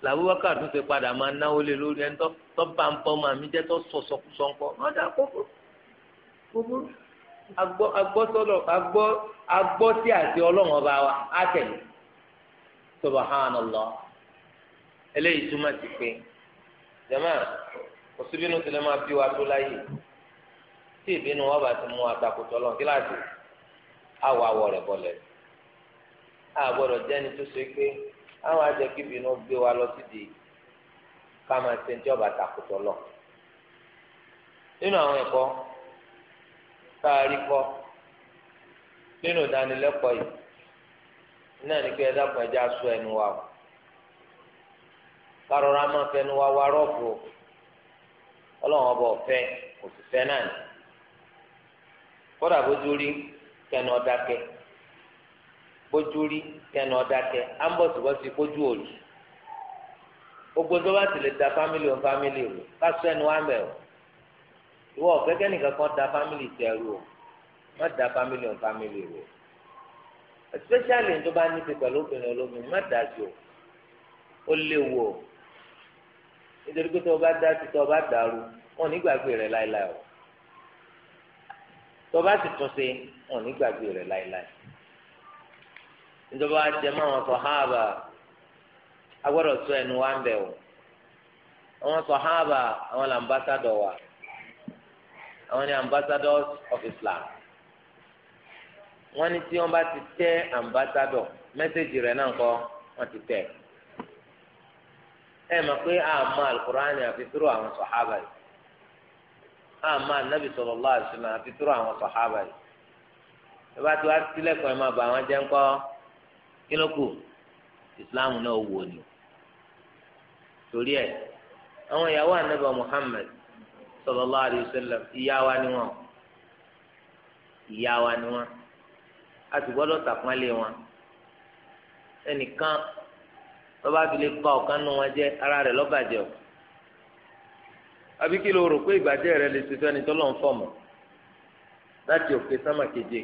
làbúbákà tún ti padà máa náwó lé lórí ẹni tó bá ń bọ́ máa mi jẹ́ tó sọ̀sọ̀ sọ̀nkọ́ wọ́n dá kókó kókó agbọ́ agbọ́ sọ́lọ̀ agbọ́ agbọ́ sí àti ọlọ́run ọba wa á tẹ̀lé subhanallah eléyìí túmọ̀ sí pé jama òsibínú tilẹ̀ máa bí wa tó láyè tí ìbínú wọn bá ti mú àtàkùtọ̀ lọ kíláàsì àwọ̀ àwọ̀ rẹ̀ bọ̀lẹ̀ sí. àgbọ̀dọ̀ jẹ́ni tó ṣe pé àwọn ajẹ́kíbinú gbé wa lọ sídi ká máa ṣe ní ọba takùtọ̀ lọ. nínú àwọn ẹ̀kọ́ tá a rí kọ́ nínú ìdánilẹ́kọ̀ọ́ yìí náà ní pé ẹ dákun ẹja sọ ẹnu wa o kárọ̀rọ̀ a máa fẹnu wa rọ́ọ̀bù o kójú rí kẹnu ọdákẹ ambọ̀sibọ́sí kójú òrì gbogbo tó bá ti lè da fámìlì òun fámìlì o kásọ ẹnu wà mẹ́ o ìwọ ọ̀kẹ́kẹ́ nìkan kan da fámìlì tẹ̀rù o má da fámìlì òun fámìlì rò especially tó bá ní ti pẹ̀lú obìnrin olóbìnrin má da sí o ó léwu o nítorí pé tó o bá dá sí tó o bá dàrú wọn ò ní gbàgbé rẹ láéláé o tó o bá sì tún ṣe wọn ò ní gbàgbé rẹ láéláé. nítorí wàá àwọn sọhábà agbọ́dọ̀ sọ ẹnu wa ń bẹ o àwọn sọhábà àwọn wa àwọn ni ambassadors of Islam wọ́n ní tí wọ́n bá ti tẹ ambassador mẹ́sẹ̀gì rẹ̀ náà kọ́ wọ́n ti tẹ̀ ẹ mọ̀ pé àmọ́ alukur'ani àfi tóró àwọn sọ̀hábà yìí àmọ́ anabi sallallahu alaihi wasallam àfi tóró àwọn sọ̀hábà yìí ẹ bá ti kí ló kù ìsìláàmù náà wò ni torí ẹ àwọn ìyàwó ànábà Muhammad sallallahu alayhi wa sallam ìyá wa ni wọn ìyá wa ni wọn a sì gbọ́dọ̀ tàpọnlé wọn ẹnìkan lọba fi lè pa nù wọn jẹ ara rẹ̀ lọbàjẹ́ o àbí kí ló rò pé ìbàjẹ́ rẹ̀ lè ṣe fẹ́ni tó lọ ń fọmọ láti òkè sámà keje.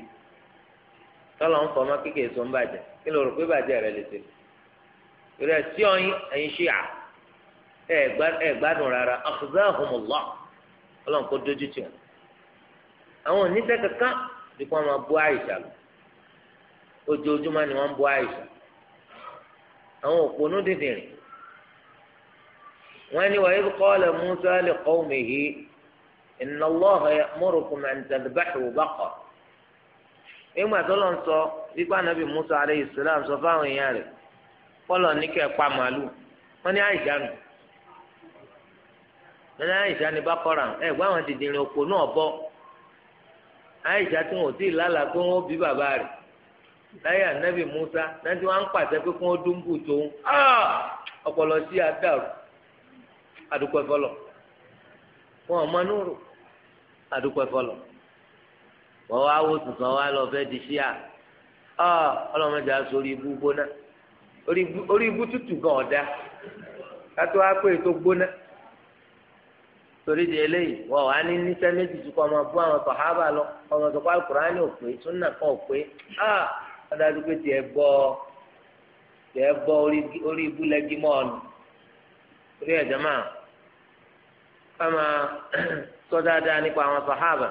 tọ́lọ̀ ń fọmọ́ kékeré tó ń bàjẹ́ kí ló rò pé bàjẹ́ rẹ lè ṣe rẹ sí ọyìn ẹ̀yin ṣí à ẹ̀ gbádùn rárá akhzahumullah ọlọ́run kó dójú tì wọ́n àwọn oníṣẹ́ kankan bu àyíṣà lọ ojoojúmọ́ ni wọ́n ń àyíṣà àwọn Musa ìgbà tó lọ sọ wípé anabi musa aleyhi salam sọ fáwọn èèyàn rẹ̀ kọlọ ní kẹ pa màálù wọn ní àìjánu wọn ní àìjánu bá kọra ẹ gbọ́ àwọn dìdìrín òpó náà bọ́ àìjá tí wọn ò tí ì pé wọn ó bí bàbá rẹ̀ láyé ọpọlọ sí adáàrú adúpẹ́ wọn ò mọ wọ́n wá wò tuntun wá lọ fẹ́ di ṣíà ọ́ ọlọ́mọdé aṣọ orí ibú gbóná orí ibú tútù gan ọ̀dá kátó wá pé ètò gbóná torí di eléyìí wọ́n wá ní níṣẹ́ méjì tó kọ́ ọmọ bú àwọn lọ ọmọ tó kọ́ alukurani ò pé súnà kan ò pé pé tiẹ̀ bọ́ tiẹ̀ bọ́ orí ibú lẹ́gí mọ́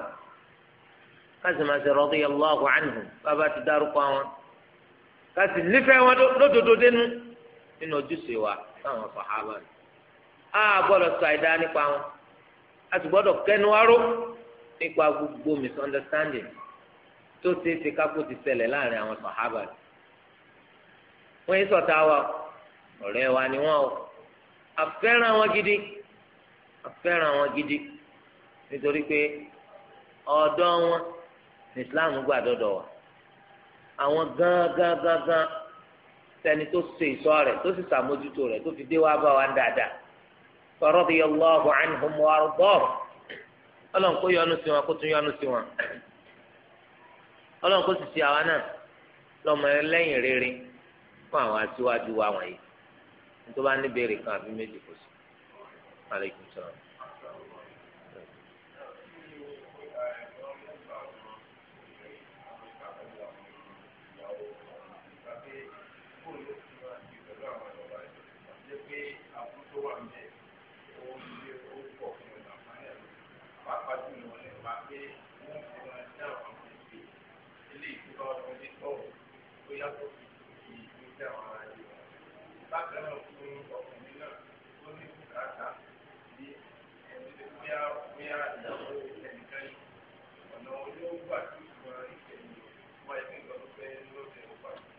(clears throat) káṣí máa ṣe radiyallahu anhum bàbá ti dárúkọ wọn káṣí nífẹ̀ẹ́ wọn lódodo dénú nínú ojúṣe wa táwọn sàhábà ni a gbọ́dọ̀ sọ àìdá nípa wọn a sì gbọ́dọ̀ kẹnu aró nípa gbogbo misunderstanding tó ṣeé ṣe kápò ti ṣẹlẹ̀ láàrin àwọn sàhábà ni wọ́n yé sọ̀tà wa ọ̀rẹ́ wa ni wọ́n o àfẹ́ràn wọn gidi àfẹ́ràn wọn gidi nítorí pé ọ̀dọ́ wọn islam gbà dọdọ wa àwọn gan sẹni tó ṣe ìṣọ́ rẹ̀ tó sì ṣàmójútó rẹ̀ tó fi dé wá bá wa dáadáa radiyallahu anhum wa ardahum Ọlọ́run kó yọ́nú sí wọn kó tún yọ́nú sí wọn Ọlọ́run kó sì ṣe àwa náà lọ́mọ ẹlẹ́yìn rere fún àwọn aṣíwájú wa wọ̀nyí nítorí wọn bá ní béèrè kan àbí méjì kò sí. Alaikum salaam.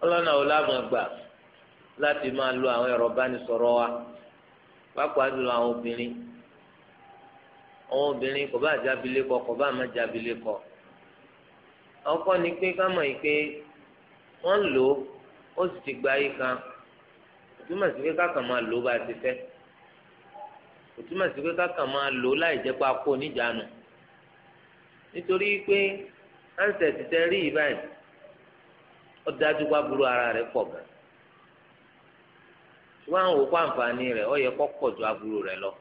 ọlọ́nà ò lámọ̀ gbà láti máa lo àwọn ẹ̀rọ bánisọ̀rọ̀ wa pápá jùlọ àwọn obìnrin àwọn obìnrin kò bá jábìlẹ́kọ kò bá má jábìlẹ́kọ ọkọ ni pé ká mọ̀ yìí pé wọ́n lò ó ó sì ti gba ayé kan òtúmọ̀ sí pé káka máa lò ó bá a ti fẹ́ òtúmọ̀ sí pé káka máa lò láì jẹ́ pé a kó níjànú nítorí pé ansẹ̀tì tẹ rí yìí ó dájú wá burú ara rẹ̀ pọ̀ gan ṣùgbọ́n àwọn òkú àǹfààní rẹ̀ ó yẹ kó pọ̀ ju aburú rẹ̀ lọ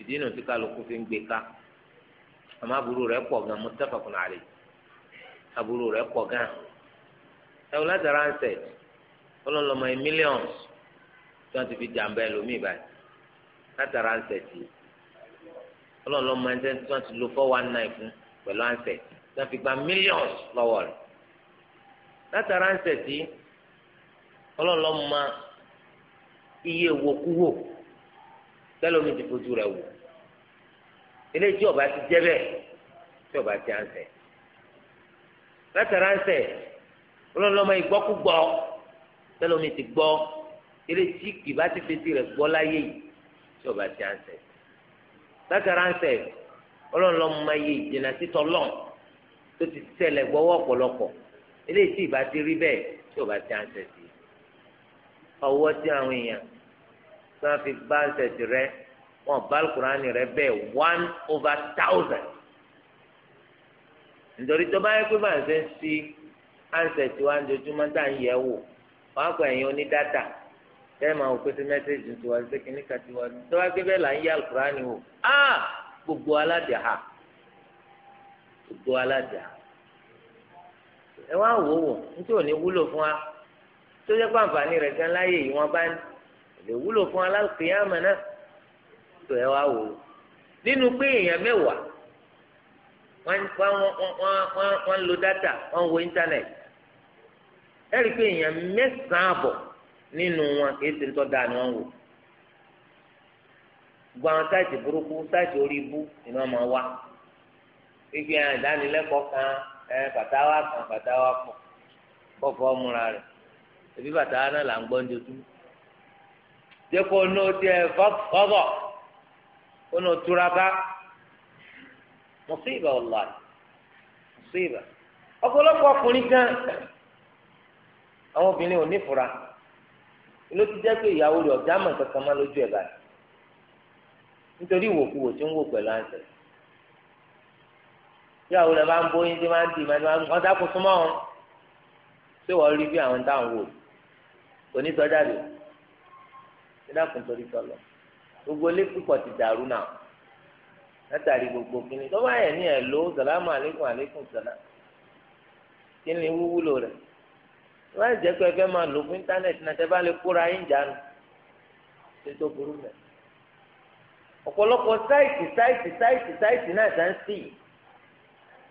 ìdí inú tí kálukú fi ń gbé ká àmọ́ aburú rẹ̀ pọ̀ gan muttafaqun alayh aburú rẹ̀ pọ̀ gan ẹ̀wọ̀n látara ń sẹ̀ ọlọ́lọ́mọ ẹ̀ mílíọ̀nù tí wọ́n ti fi jàǹbá ẹlòmíì báyìí látara ń sẹ̀ tì í ọlọ́lọ́mọ ẹ̀ tí wọ́n ti lo four one nine fún pẹ̀lú ànsẹ̀ tí wọ́n fi gba mílíọ̀nù lọ́wọ́ rẹ̀ látara ń sẹ̀tì ọlọ́lọ́ ma iye wòkúwò tẹ́lómi ti fojú rẹ̀ wò eléyìí tí ọba ti jẹ́ bẹ́ẹ̀ tí ọba ti ń sẹ̀ látara ń sẹ̀ ọlọ́lọ́ ma ìgbọ́kúgbọ́ tẹ́lómi ti gbọ́ eléyìí tí ti fetí rẹ̀ gbọ́ láyé tí ọba ti ń sẹ̀ látara ń sẹ̀ ọlọ́lọ́ ma iye ìdènà títọ́ lọ́n tó ti ṣẹlẹ̀ gbọ́wọ́ ọ̀pọ̀lọpọ̀ eléyìí tí ìbá ti rí bẹ́ẹ̀ tí ò bá ti ànsẹ̀tì ọwọ́ tí àwọn èèyàn tí wọ́n fi bá ànsẹ̀tì rẹ wọn bá alukurani rẹ bẹ́ẹ̀ one over thousand nítorí tó bá yẹ pé bá ń ṣe ń sí ànsẹ̀tì wa ojoojúmọ́ tá à ń yẹ̀ wò wọ́n á kọ ẹ̀yin oní dátà tẹ́lẹ̀ máa wò pé sí mẹ́sẹ̀gì tiwa ṣé kìíní kan tiwa ni tó bá gbé bẹ́ẹ̀ là ń yẹ alukurani wò ah! gbogbo aládìá gbogbo aládìá ẹ wá wò wò nítorí òní wúlò fún wa tó jẹ́ pé àǹfààní rẹ̀ gan láyè yìí wọ́n bá ní lè wúlò fún wa láti yá àmọ́ náà tó ẹ wá wò nínú pé èèyàn mẹ́wàá wọ́n ń lo dátà wọ́n ń wo íńtánẹ̀tì ẹ rí i pé èèyàn mẹ́sàn-án àbọ̀ nínú wọn kì í ṣe ń tọ́ da ni wọ́n wò gbọ́ àwọn sáìtì burúkú sáìtì orí ibú ni wọ́n máa wá fífi ah, àwọn kan ẹ bàtà wa kàn bàtà wa kàn kọfọ múra rẹ ebi bàtà wa náà là ń gbọ́ ń dojú jẹ́ kó tiẹ̀ fọ́bọ̀ kó ní bá mùsíbà ọ̀la mùsíbà ọ̀pọ̀lọpọ̀ ọkùnrin kan àwọn obìnrin ò ní fura ló ti jẹ́ pé ìyàwó rẹ̀ mọ̀ tí àwọn olè máa ń bóyin tí máa ń dì máa ń wọ́n dákun súnmọ́ wọn ṣé wọ́n rí bí àwọn táwọn wò onítọ́jà rè é dákun torí tọ́lọ̀ gbogbo ilé púpọ̀ ti dàrú náà látàrí gbogbo kínní tó bá yẹ ní ẹ̀ ló sàlámù àlékún àlékún sàlá kínní wúwúlò rẹ̀ tó bá jẹ́ pé ẹ fẹ́ máa lò fún íńtánẹ́ẹ̀tì náà tẹ́ bá lè kóra yín jánu ṣe tó burú mẹ́ ọ̀pọ̀lọpọ̀ sáìtì sáìtì sáìtì sáìtì náà ṣá ń sí yìí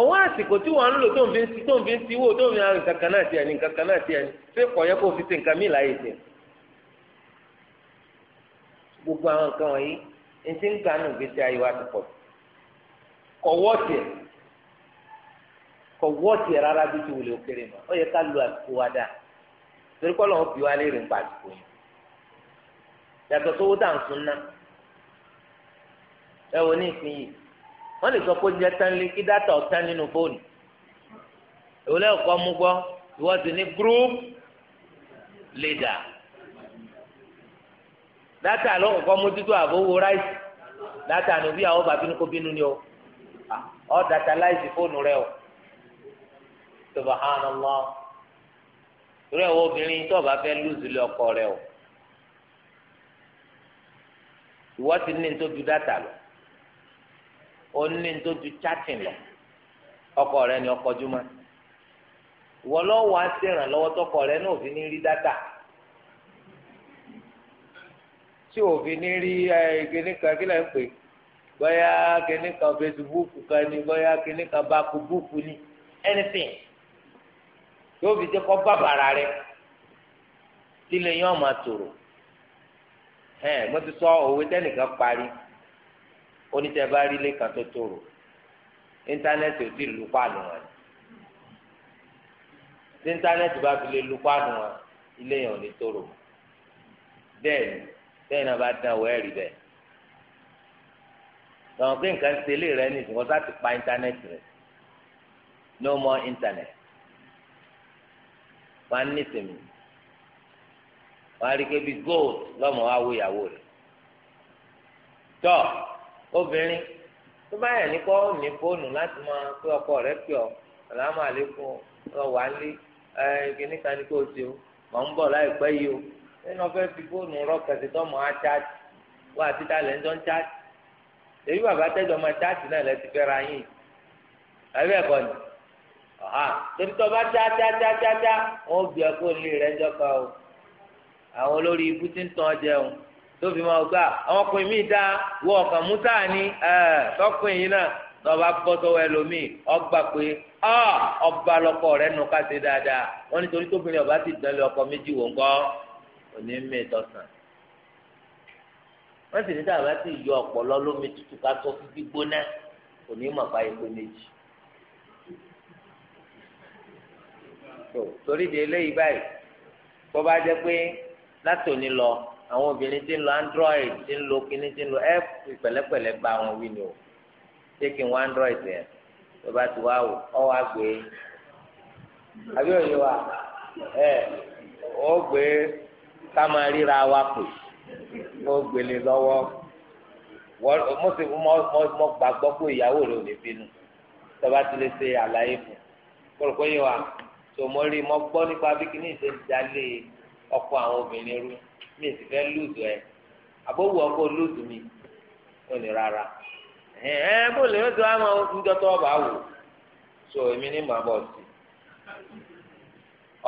ọwọ́ àsìkò tí wọ́n ń lò tó ń fi ń si tó ń fi ń si wò tó ń fi ń rìn kankan náà tiẹ̀ ní kankan náà tiẹ̀ ní ṣé kò yẹ kó fi ṣe nǹkan mí láàyè tiẹ̀. gbogbo àwọn nǹkan wọ̀nyí ní ti ń gbanú gbèsè ayé wa ti pọ̀ jù kọ̀wọ́ tiẹ̀ kọ̀wọ́ tiẹ̀ rárá bí ti wòlé òkèrè mọ́ ó yẹ ká lu àsìkò wa dáa torí kọ́ lọ́wọ́ bí wa lè rìn pa àsìkò yẹn yàtọ̀ sówó dà ń sun ná wọ́n lè sọ pé oúnjẹ tán lé kí dátà ọ̀tán nínú fóònù ìwọlẹ́ ọ̀kọ́ mú gbọ́ ìwọ sì ní group leader dátà ló kọ́kọ́ mójútó àbówó ráìsì dátà nù bí àwọn bàbí kò bínú ni o ọ̀ dátà láìsì fóònù rẹ o subhanallah torí àwọn obìnrin tó o bá fẹ́ lùzù lé ọkọ rẹ o ìwọ ti ní ní dátà lọ. oní tó ju chatting lọ ọkọ rẹ ni ọkọ jùmọ̀ ìwọ lọ́wọ́ tọkọ rẹ náà òfin ní rí dátà tí òfin ní rí kíní kan kí lẹ́ ń pè bóyá ni bóyá kíní báku búùkù ni anything yóò fi jẹ́ kọ́ bàbàrà rẹ tí lè yàn máa tòrò onítẹ̀ bá rí ilé kan tó tòrò íńtánẹ́ẹ̀tì ò tí ì lu páànù wọn tí íńtánẹ́ẹ̀tì bá fi lè lu páànù wọn ilé yẹn ò ní tòrò bẹ́ẹ̀ ni bẹ́ẹ̀ náà bá dán owó ẹ̀rí bẹ́ẹ̀ tọ̀hún pé nǹkan ṣe lè rẹ ní ìsìnkú ọ̀sá pa íńtánẹ́ẹ̀tì rẹ no more internet wọn á ní ìsinmi wọn á rí i pé bíi gold lọ́mọ wa wo ìyàwó rẹ tọ́ obìnrin tó bá yàn ní kọ́ ní fóònù láti máa pé ọkọ rẹ pè ọ́ sàlámù àlékún ọ wà lé ẹ kíní kan ní kò sí o mọ̀ ń bọ̀ láìpẹ́ yìí o nínú ọ̀fẹ́ fi fóònù rọ́ọ̀kẹ̀sì tó mọ̀ á chaájì wá àti tálẹ̀ ń jọ ń chaájì èyí bàbá tẹ́jọ́ máa chaájì náà lẹ́sìn fẹ́ ra yín àbí ẹ̀kọ́ ni ọ̀hà torí tó bá já já já já já wọ́n gbé ọkọ̀ lé rẹ̀ jọ́ka o àwọn olórí ibú ti ń tàn jẹun tó fi máa gbà àwọn ọkùnrin míì dá wọ ọkàn mútà ni tọkùnrin yìí náà tọba gbọ́ sọ́wọ́ ẹlòmíì ọgbà pé ọba lọkọ rẹ nù ká ṣe dáadáa wọn nítorí tóbìnrin ọba ti dán lé ọkọ méjì wò ń gbọ́ òní mẹ́ẹ̀ tọ̀sán wọ́n sì ní dáàbá sì yọ ọ̀pọ̀lọ́ lómi tútù ká tó fi gbígbóná kò ní mọ̀ epo méjì. torí de eléyìí báyìí bọ́ bá jẹ́ pé látòní lọ àwọn obìnrin tí ń lo android tí ń lo kíní tí ń lo ẹ fi pẹ̀lẹ́pẹ̀lẹ́ bá wọn wí ni o ṣé kí n wọ android yẹn tó bá ti wá wò ọ wá gbé e. àbí òye wa ẹ ó gbé e ká máa ríra wa pè ó gbélé e lọ́wọ́ mo sì mo gbàgbọ́ pé ìyàwó rẹ ò ní bínú tó bá ti lè ṣe àlàyé fún un kó rò pé yìí wa tòmọ́rí mọ́ gbọ́ nípa bí kíní ìṣe ń jalè ọkọ àwọn obìnrin rú mi sì fẹ́ lùzù ẹ àbówù ọkọ lùzù mi o ní rárá ẹ ẹ bó lè lọ́dọ̀ ọba wò so èmi ní màá bọ̀ sí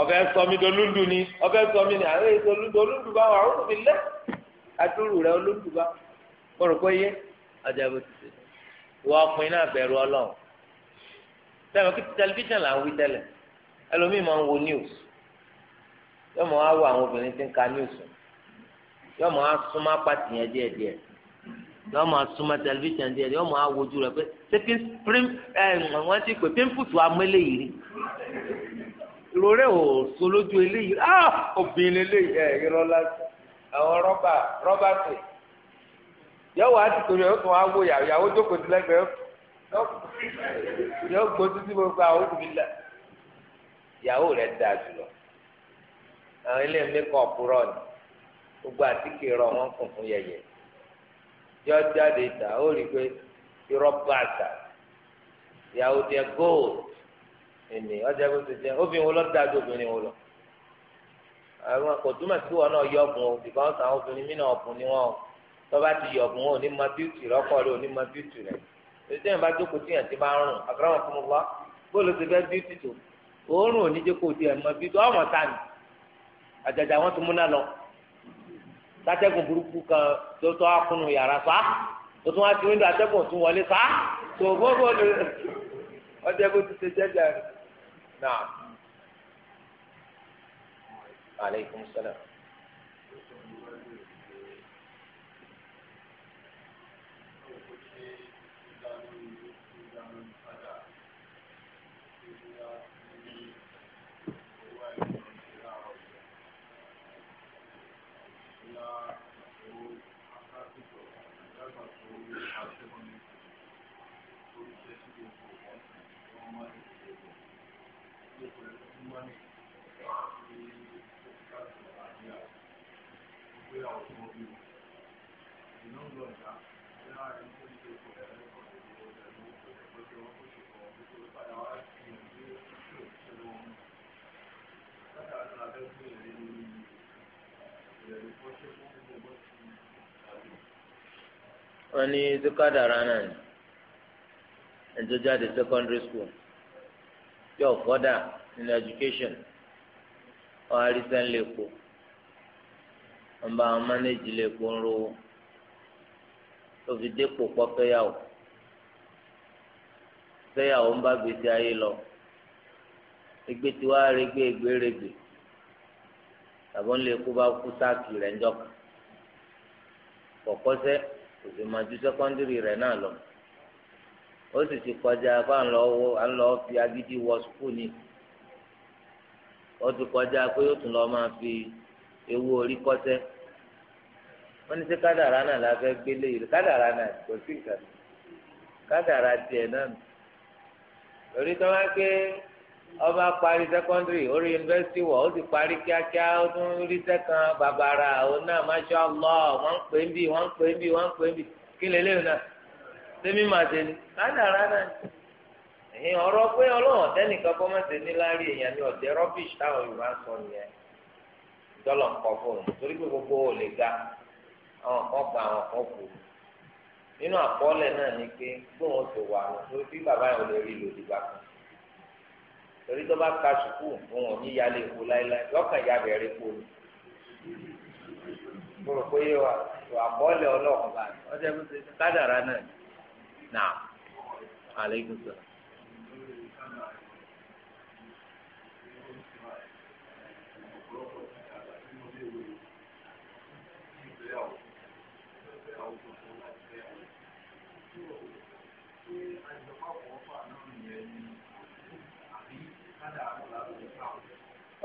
ọbẹ̀ sọmi dolúndù ni ọbẹ̀ sọmi ni àwọn èso dolúndù bá wà rẹ olúndù bá pé yé ti sè wọ náà kí tẹlifíṣàn là ń wí ẹlòmíì máa ń wo news yọmọ wo àwọn obìnrin ń ka news yóò máa súnmọ́ apáti yẹn díẹ̀ díẹ̀ yóò máa súnmọ́ tẹlifíṣàn díẹ̀ yóò máa wojú rẹ̀ pé ṣé pín ẹ wọ́n ti pè pínpùtù amẹ́lẹ̀ yìí ìrọ̀rẹ́ ò so eléyìí ah obìnrin eléyìí ẹ irọ́ lásán àwọn rọ́bà rọ́bà pè yóò wá ti torí ẹ̀ ó tún wá wò yàwó yàwó jókòó ti lẹ́gbẹ̀ẹ́ yóò gbó títí gbogbo àwọn òbí lẹ̀ yàwó rẹ̀ dáa jùlọ àwọn ilé mi kọ̀ ni gbogbo àtìkè rọ wọn kún fún yẹyẹ yọ jáde ìta ó rí i pé irọ́ bàtà ìyàwó tiẹ̀ gold ẹnì ọjà bó ti jẹ obìnrin wo lọ dájú obìnrin wo lọ àwọn kò túmọ̀ sí wọn náà yọ ọ̀bùn o because àwọn obìnrin mí náà ọ̀bùn ni wọn o tọ́ba ti yọ ọ̀bùn o ní ma bíútì rọ́kọ̀ rẹ o ní ma bíútì rẹ ètò ìyẹn bá jókòó tí yẹn ti máa ń rùn àkàrà wọn fún mi wá bóòlù ti fẹ́ bíútì tó òórùn ò ní jókòó tí yẹn ma ọmọ ta àjàjà wọn ti múná lọ tátẹ́gùn burúkú kan tó tọ́ akúnnù yàrá fa tó tún wá sí wíńdò atẹ́gùn tún wọlé fa tó gbogbo lè ọdẹ bó ti ṣe jẹjẹrẹ náà. aleykum salaam. wọn ní zikadara náà ni ẹjọ́ jáde secondary school yóò fọdà in education wọn arísẹ́ ńlẹ̀ epo wọn bá wọn mánéjì lè epo ń rówó tó fi dépò pọ́fẹ́yàwó fẹ́yàwó ń bá gbèsè ayé lọ egbe tí wàá regbe egberegbe tàbí wọn lè kó bá kú sáàkì rẹ̀ ńjọ́ kọ̀kọ́sẹ́ kò sì máa ju sẹ́kọ́ndìrì na náà lọ ó sì ti kọjá pé à ń lọ wọ à ń lọ fi agídí wọ ni ó ti kọjá pé yóò tún lọ fi ewu orí kọ́sẹ́ wọ́n ní náà la fẹ́ gbélé yìí kádàrá náà kò sí nǹkan kádàrá náà lórí tó ọba parí sẹ́kọ́ndírì orí yunifásitì wọ ó ti parí kíákíá ó tún rí sẹ́kàn bàbàrà òun náà masha allah wọ́n ń pè ń bì wọ́n ń pè ń bì wọ́n ń pè ń bì kí lélẹ́yìn náà sẹ́mi máa ṣe ni rádà ni ọ̀rọ̀ pé ọlọ́run ọ̀tẹ́nìkan kọ́ máa ṣe ní èèyàn gbogbo ò lè ga àwọn kan àwọn kan kù nínú náà ni pé wà lọ torí bí torí tó bá ka sùkúù fún wọn ní yálé epo láéláé lọ́kàn ya bẹ̀rẹ̀ epo ni mo rò pé wa wà bọ́ọ̀lì ọlọ́ọ̀kan báyìí ọjọ́ ìbùsùn kádàrá náà nà àlékún sọ̀rọ̀.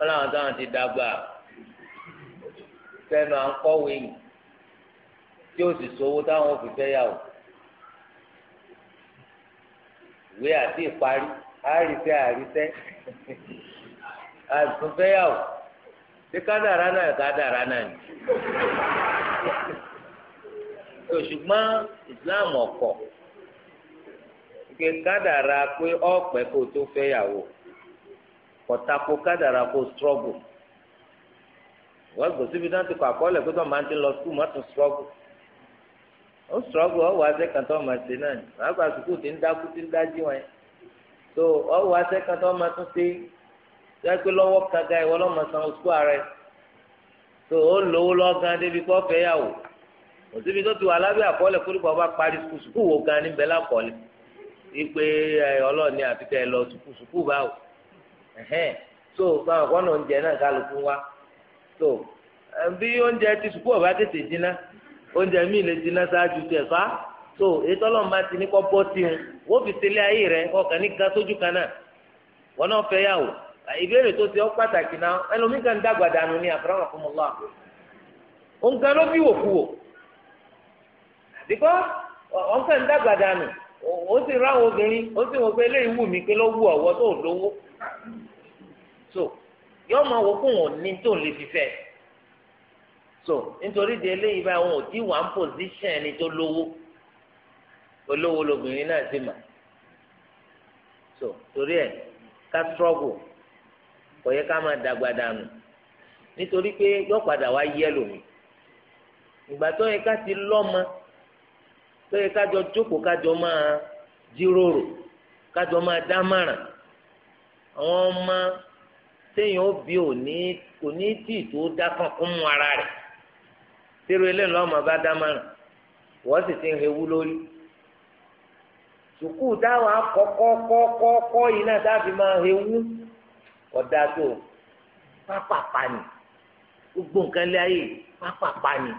wọn làwọn táwọn ti dàgbà sẹ́nu à yìí tí ó sì sọ owó táwọn ò fi fẹ́ yà wò ìwé àti ìparí àrísẹ́ àrísẹ́ àìsùn fẹ́ yà wò ṣé kádàrá náà kádàrá náà ni ṣùgbọ́n ìsìláàmù ọ̀kọ̀ ìpè kádàrá pé ọ̀pẹ́ kọtako kadara kó struggle wọ́n gbọ́ síbi náà ti kọ àkọọ́lẹ̀ pé tó máa ti lọ skul má struggle ó struggle ọ̀wọ́ asẹ́kàn tó máa ṣe náà wọ́n àgbà sukùl ti ń dákú ti ń wọn so ọ̀wọ́ asẹ́kàn tó máa tún ṣe yẹ pé lọ́wọ́ kankan ìwọ lọ́mọ san skul ààrẹ so ó lówó lọ́gán débi kọ́ fẹ́ yà wò kò síbi tó ti wà lábẹ́ àkọọ́lẹ̀ kórìkọ́ bá parí sukùl wò gan níbẹ̀ lákọọ́lẹ̀ wípé ọlọ́ọ̀ni ẹ̀hẹ́n so báwọn kan náà ń jẹ náà kálukú wa so bí oúnjẹ ti sùkú ọ̀bá tètè jiná oúnjẹ míì lè jiná ṣáájú tẹ̀ fa so ètò ọlọ́run bá ti ní kọ́ bọ́ sí un wọ́n fi tẹ́lẹ̀ ayé rẹ ọkàn ní ga sójú kan náà wọn náà fẹ́ yà wò ìbéèrè tó ti ọ́ pàtàkì náà ẹlòmíì kan dàgbà dànù ní àfúráwà fún mọ́lá òǹkà ló bí wò kú wò àbíkọ́ òǹkà ń dàgbà ó sì ráwọn obìnrin ó sì wọ́n pé eléyìí wù mí pé ló wù ọ̀wọ́ tó lówó so yóò máa wo kó wọn ní tó lè fi fẹ́ so nítorí de eléyìí báyìí wọn ò tí wà ń pòsíṣàn ẹni tó lówó olówó lobìnrin náà sì mà so torí ẹ ká trọgù kò yẹ ká máa dàgbà dànù nítorí pé yóò padà wá yẹ lómi ìgbà tó yẹ ká ti lọ́mọ tó yẹ kájọ jókòó kájọ máa jíròrò kájọ máa dámàràn àwọn ọmọ téèyàn bí òní òní tì tó dákàn kún mu ara rẹ̀ tẹ́rù eléyìí lọ́mọ bá dámàràn wọ́n sì ti ń hewú lórí sùkúù táwọn akọ́kọ́kọ́kọ́ yìí náà dábì máa hewú ọ̀dà tó pápá pa ni gbogbo nǹkan lé ayé pápá pa ni.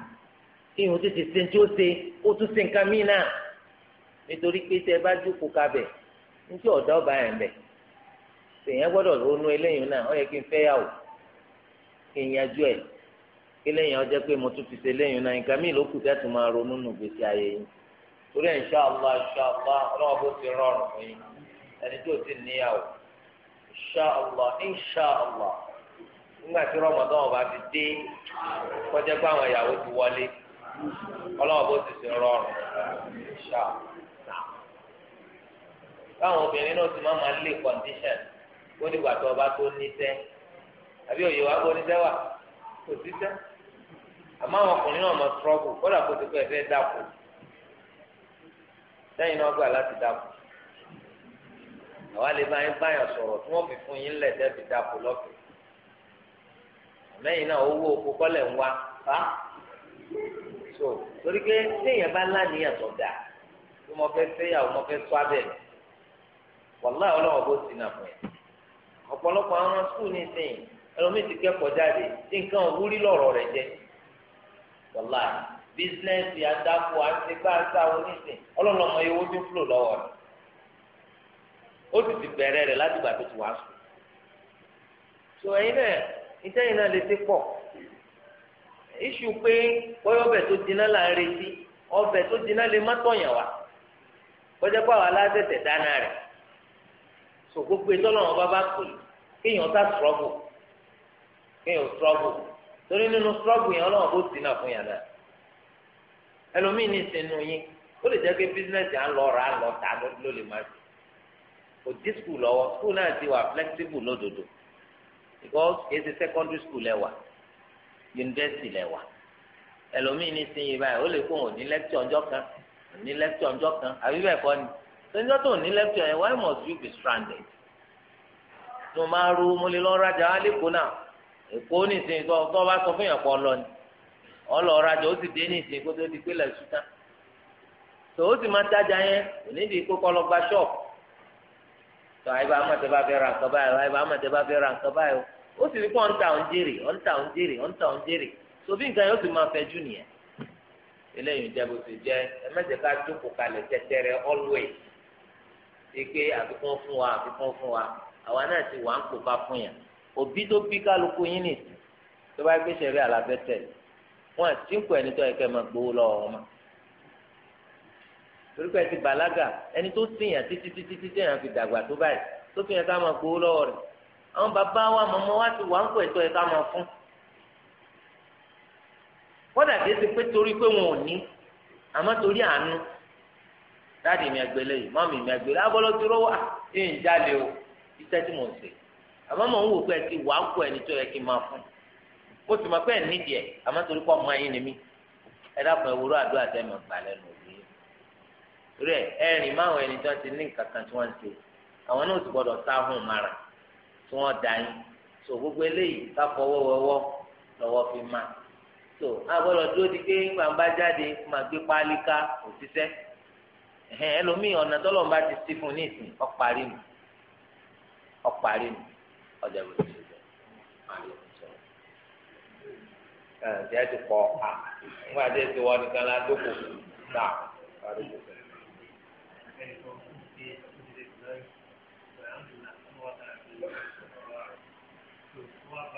ihun ti ṣe ti o ṣe ó tún ṣe nǹkan míì náà nítorí tẹ bá jókòó kabẹ̀ níjẹ ọdọ ọba yẹn bẹ èèyàn gbọdọ ronú eléyìí náà ọ yẹ kí n fẹ́ yàwó kí n yanjú ẹ kí lẹ́yìn ọjọ́ pé mo tún ti se léyìn náà ló kù máa nù gbèsè ayé yìí torí rọrùn fún yín ẹni ti níyàwó ọlọ́wọ́ bó ti ṣe rọrùn ṣá báwọn obìnrin náà ti máa máa lé condition ó dìgbà tó ọba wa bó níṣẹ́ wà síṣẹ́ àmọ́ àwọn ọkùnrin náà mọ kódà kó ti dàpọ̀ sẹ́yìn sọ̀rọ̀ tí wọ́n fún yín fi dàpọ̀ owó ń so torí pé téèyàn bá láníyàn tó dà tó mọ fẹ́ fẹ́yàwó mọ fẹ́ abẹ́ mi wàlá ọlọ́wọ́ bó ọ̀pọ̀lọpọ̀ àwọn skul ní ẹlòmíì ti kẹ́kọ̀ọ́ jáde tí nǹkan òwúrí lọ̀rọ̀ rẹ̀ jẹ́ wàlá adáko onísìn ọmọ ewu fúlò lọ́wọ́ rẹ̀ ó iṣu pé bọ́yọ̀ ọbẹ̀ tó dínà là ń retí ọbẹ̀ tó dínà lè má tọ̀yàn wá kọjá pé àwọn aláṣẹ̀ṣẹ̀ dáná rẹ̀ sọ gbogbo ètò ọlọ́run bá bá pè kéèyàn ta strọ́gù kéèyàn strọ́gù torí nínú strọ́gù yẹn ọlọ́run bó dínà fún yàn náà ẹlòmíín ní ìsinú yín ó lè jẹ́ pé bísíǹnẹ̀sì à ń lọ rà á lọ tà ló lè má sí kò dí skul lọ́wọ́ skul náà ti wà flexible lódodo because kì í ṣe secondary school ẹ wà yunifásitì lẹ wà ẹlòmíì ní sinyi báyìí ó lè kó òun ní lẹ́kítọ̀ ọjọ́ kan ní lẹ́kítọ̀ ọjọ́ kan àbí bẹ́ẹ̀ kọ́ ni sọ́jọ́ tó ní lẹ́kítọ̀ yẹn why must you be stranded tó máa ru mo lè lọ rajà wá náà èkó ní ìsìn tó tó bá sọ fún yàn pọ̀ lọ ni ọlọ rajà ó sì dé ní ìsìn kó tó di pé lẹ̀ sùtá tó ó sì máa tajà yẹn onídìí kó kọ́ lọ gba ṣọ́ọ̀bù tó àyíbá àmọ̀tẹ́ bá fẹ́ ra nǹkan àmọ̀tẹ́ bá fẹ́ ra nǹkan báyìí ó sì rí pé ọ̀ǹtà ń jèrè ọ̀ǹtà ń jèrè ọ̀ǹtà ń jèrè sòfin nǹkan yóò sì máa fẹjú nìyẹn eléyìí jẹ bó ti jẹ ẹ mẹsẹ ká jókòó kalẹ̀ tẹtẹrẹ always ike àfikún fún wa àfikún fún wa àwa náà ti wà ń kó ká fún yẹn òbí tó bí kálukú yín nìsí tó bá gbé sẹrí àlàfẹ tẹlẹ wọn àti nkù ẹni tó yẹ kẹ máa gbowó lọ́wọ́ ọmọ torí pé ẹ ti bàlágà ẹni tó sìn yàn títí títí títí yàn fi dàgbà tó báyìí tó fi yàn ká máa gbowó lọ́wọ́ rẹ̀ àwọn bàbá wa mọ̀mọ́ wa ti wà ń ẹ̀ fún kódà kìí ṣe pé torí pé wọn ò ní àmọ́ torí àánú dáàdì mi àgbélé yìí mọ́mì mi àgbélé ẹ̀ ń o iṣẹ́ tí mo ṣe pé ti wà ń yẹ kí n máa mo sì mọ̀ pé ẹ̀ nídìí ẹ̀ àmọ́ torí ni mí ẹ dákun ẹ wúrọ̀ àdúrà tẹ́ mọ̀ gbà lẹ́nu òbí rẹ̀ ẹ̀rìn àwọn tí wọ́n yín so gbogbo eléyìí káfọwọ́wọ́wọ́ lọ́wọ́ fi ma so agbọ́dọ̀ dúró di pé ńgbà ń bá jáde máa gbé páálí òṣìṣẹ́ ẹ̀hẹ́n ẹlòmíì ọ̀nà tọ́lọ̀ ń bá ti sí fún a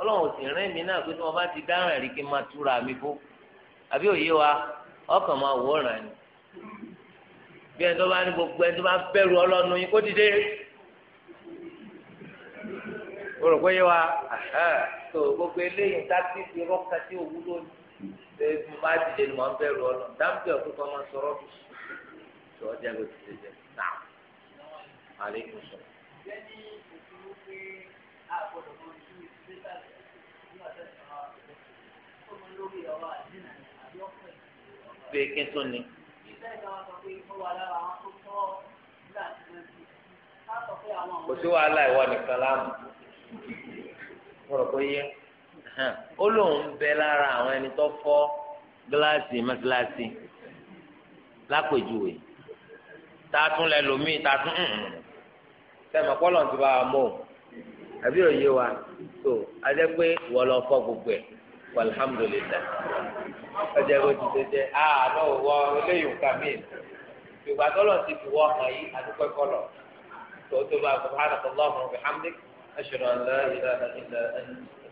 ọlọ́run ò sì rìn mí náà pé tí wọ́n bá ti dáràn ẹ̀rí kí n máa túra mi bó àbí òye wa ọkàn máa wò ràn ni bí ẹni tó bá ní gbogbo ẹni tó bá bẹ̀rù ọlọ́nu yín kó dìde o rò pé yé wa tó gbogbo eléyìí tábí ti rọ́ọ̀kà tí òwú lónìí ṣé mo bá dìde ni mo ń bẹ̀rù ọlọ́nu dáńbẹ́ ọ̀kúkọ máa sọ̀rọ̀ bí tó ọjà ló ti dìde náà pé kí n tún ni. kò sí wàhálà ìwọ nìkan láàmú kọ̀rọ̀kọ̀ yẹ ó lóun bẹ lára àwọn ẹni tó fọ́ gíláàsì mọ́síláàsì lápèjúwe tààtún lẹ lómii tààtún sẹ́mi mm, mm. ọ̀pọ̀lọ̀ ti bá wa mọ̀ àbí òye wa tó a pé ìwọ gbogbo ẹ̀ walhamdulilayi ọjà bó ti ṣe jẹ ah, àánú wọ eléyìí nǹkan mìíràn ìgbà tó lọ sí ìwọ ọmọ yìí àdúgbò kọlọ tó tó bá subhanahu wa ta'ala wa bihamdik ashhadu an la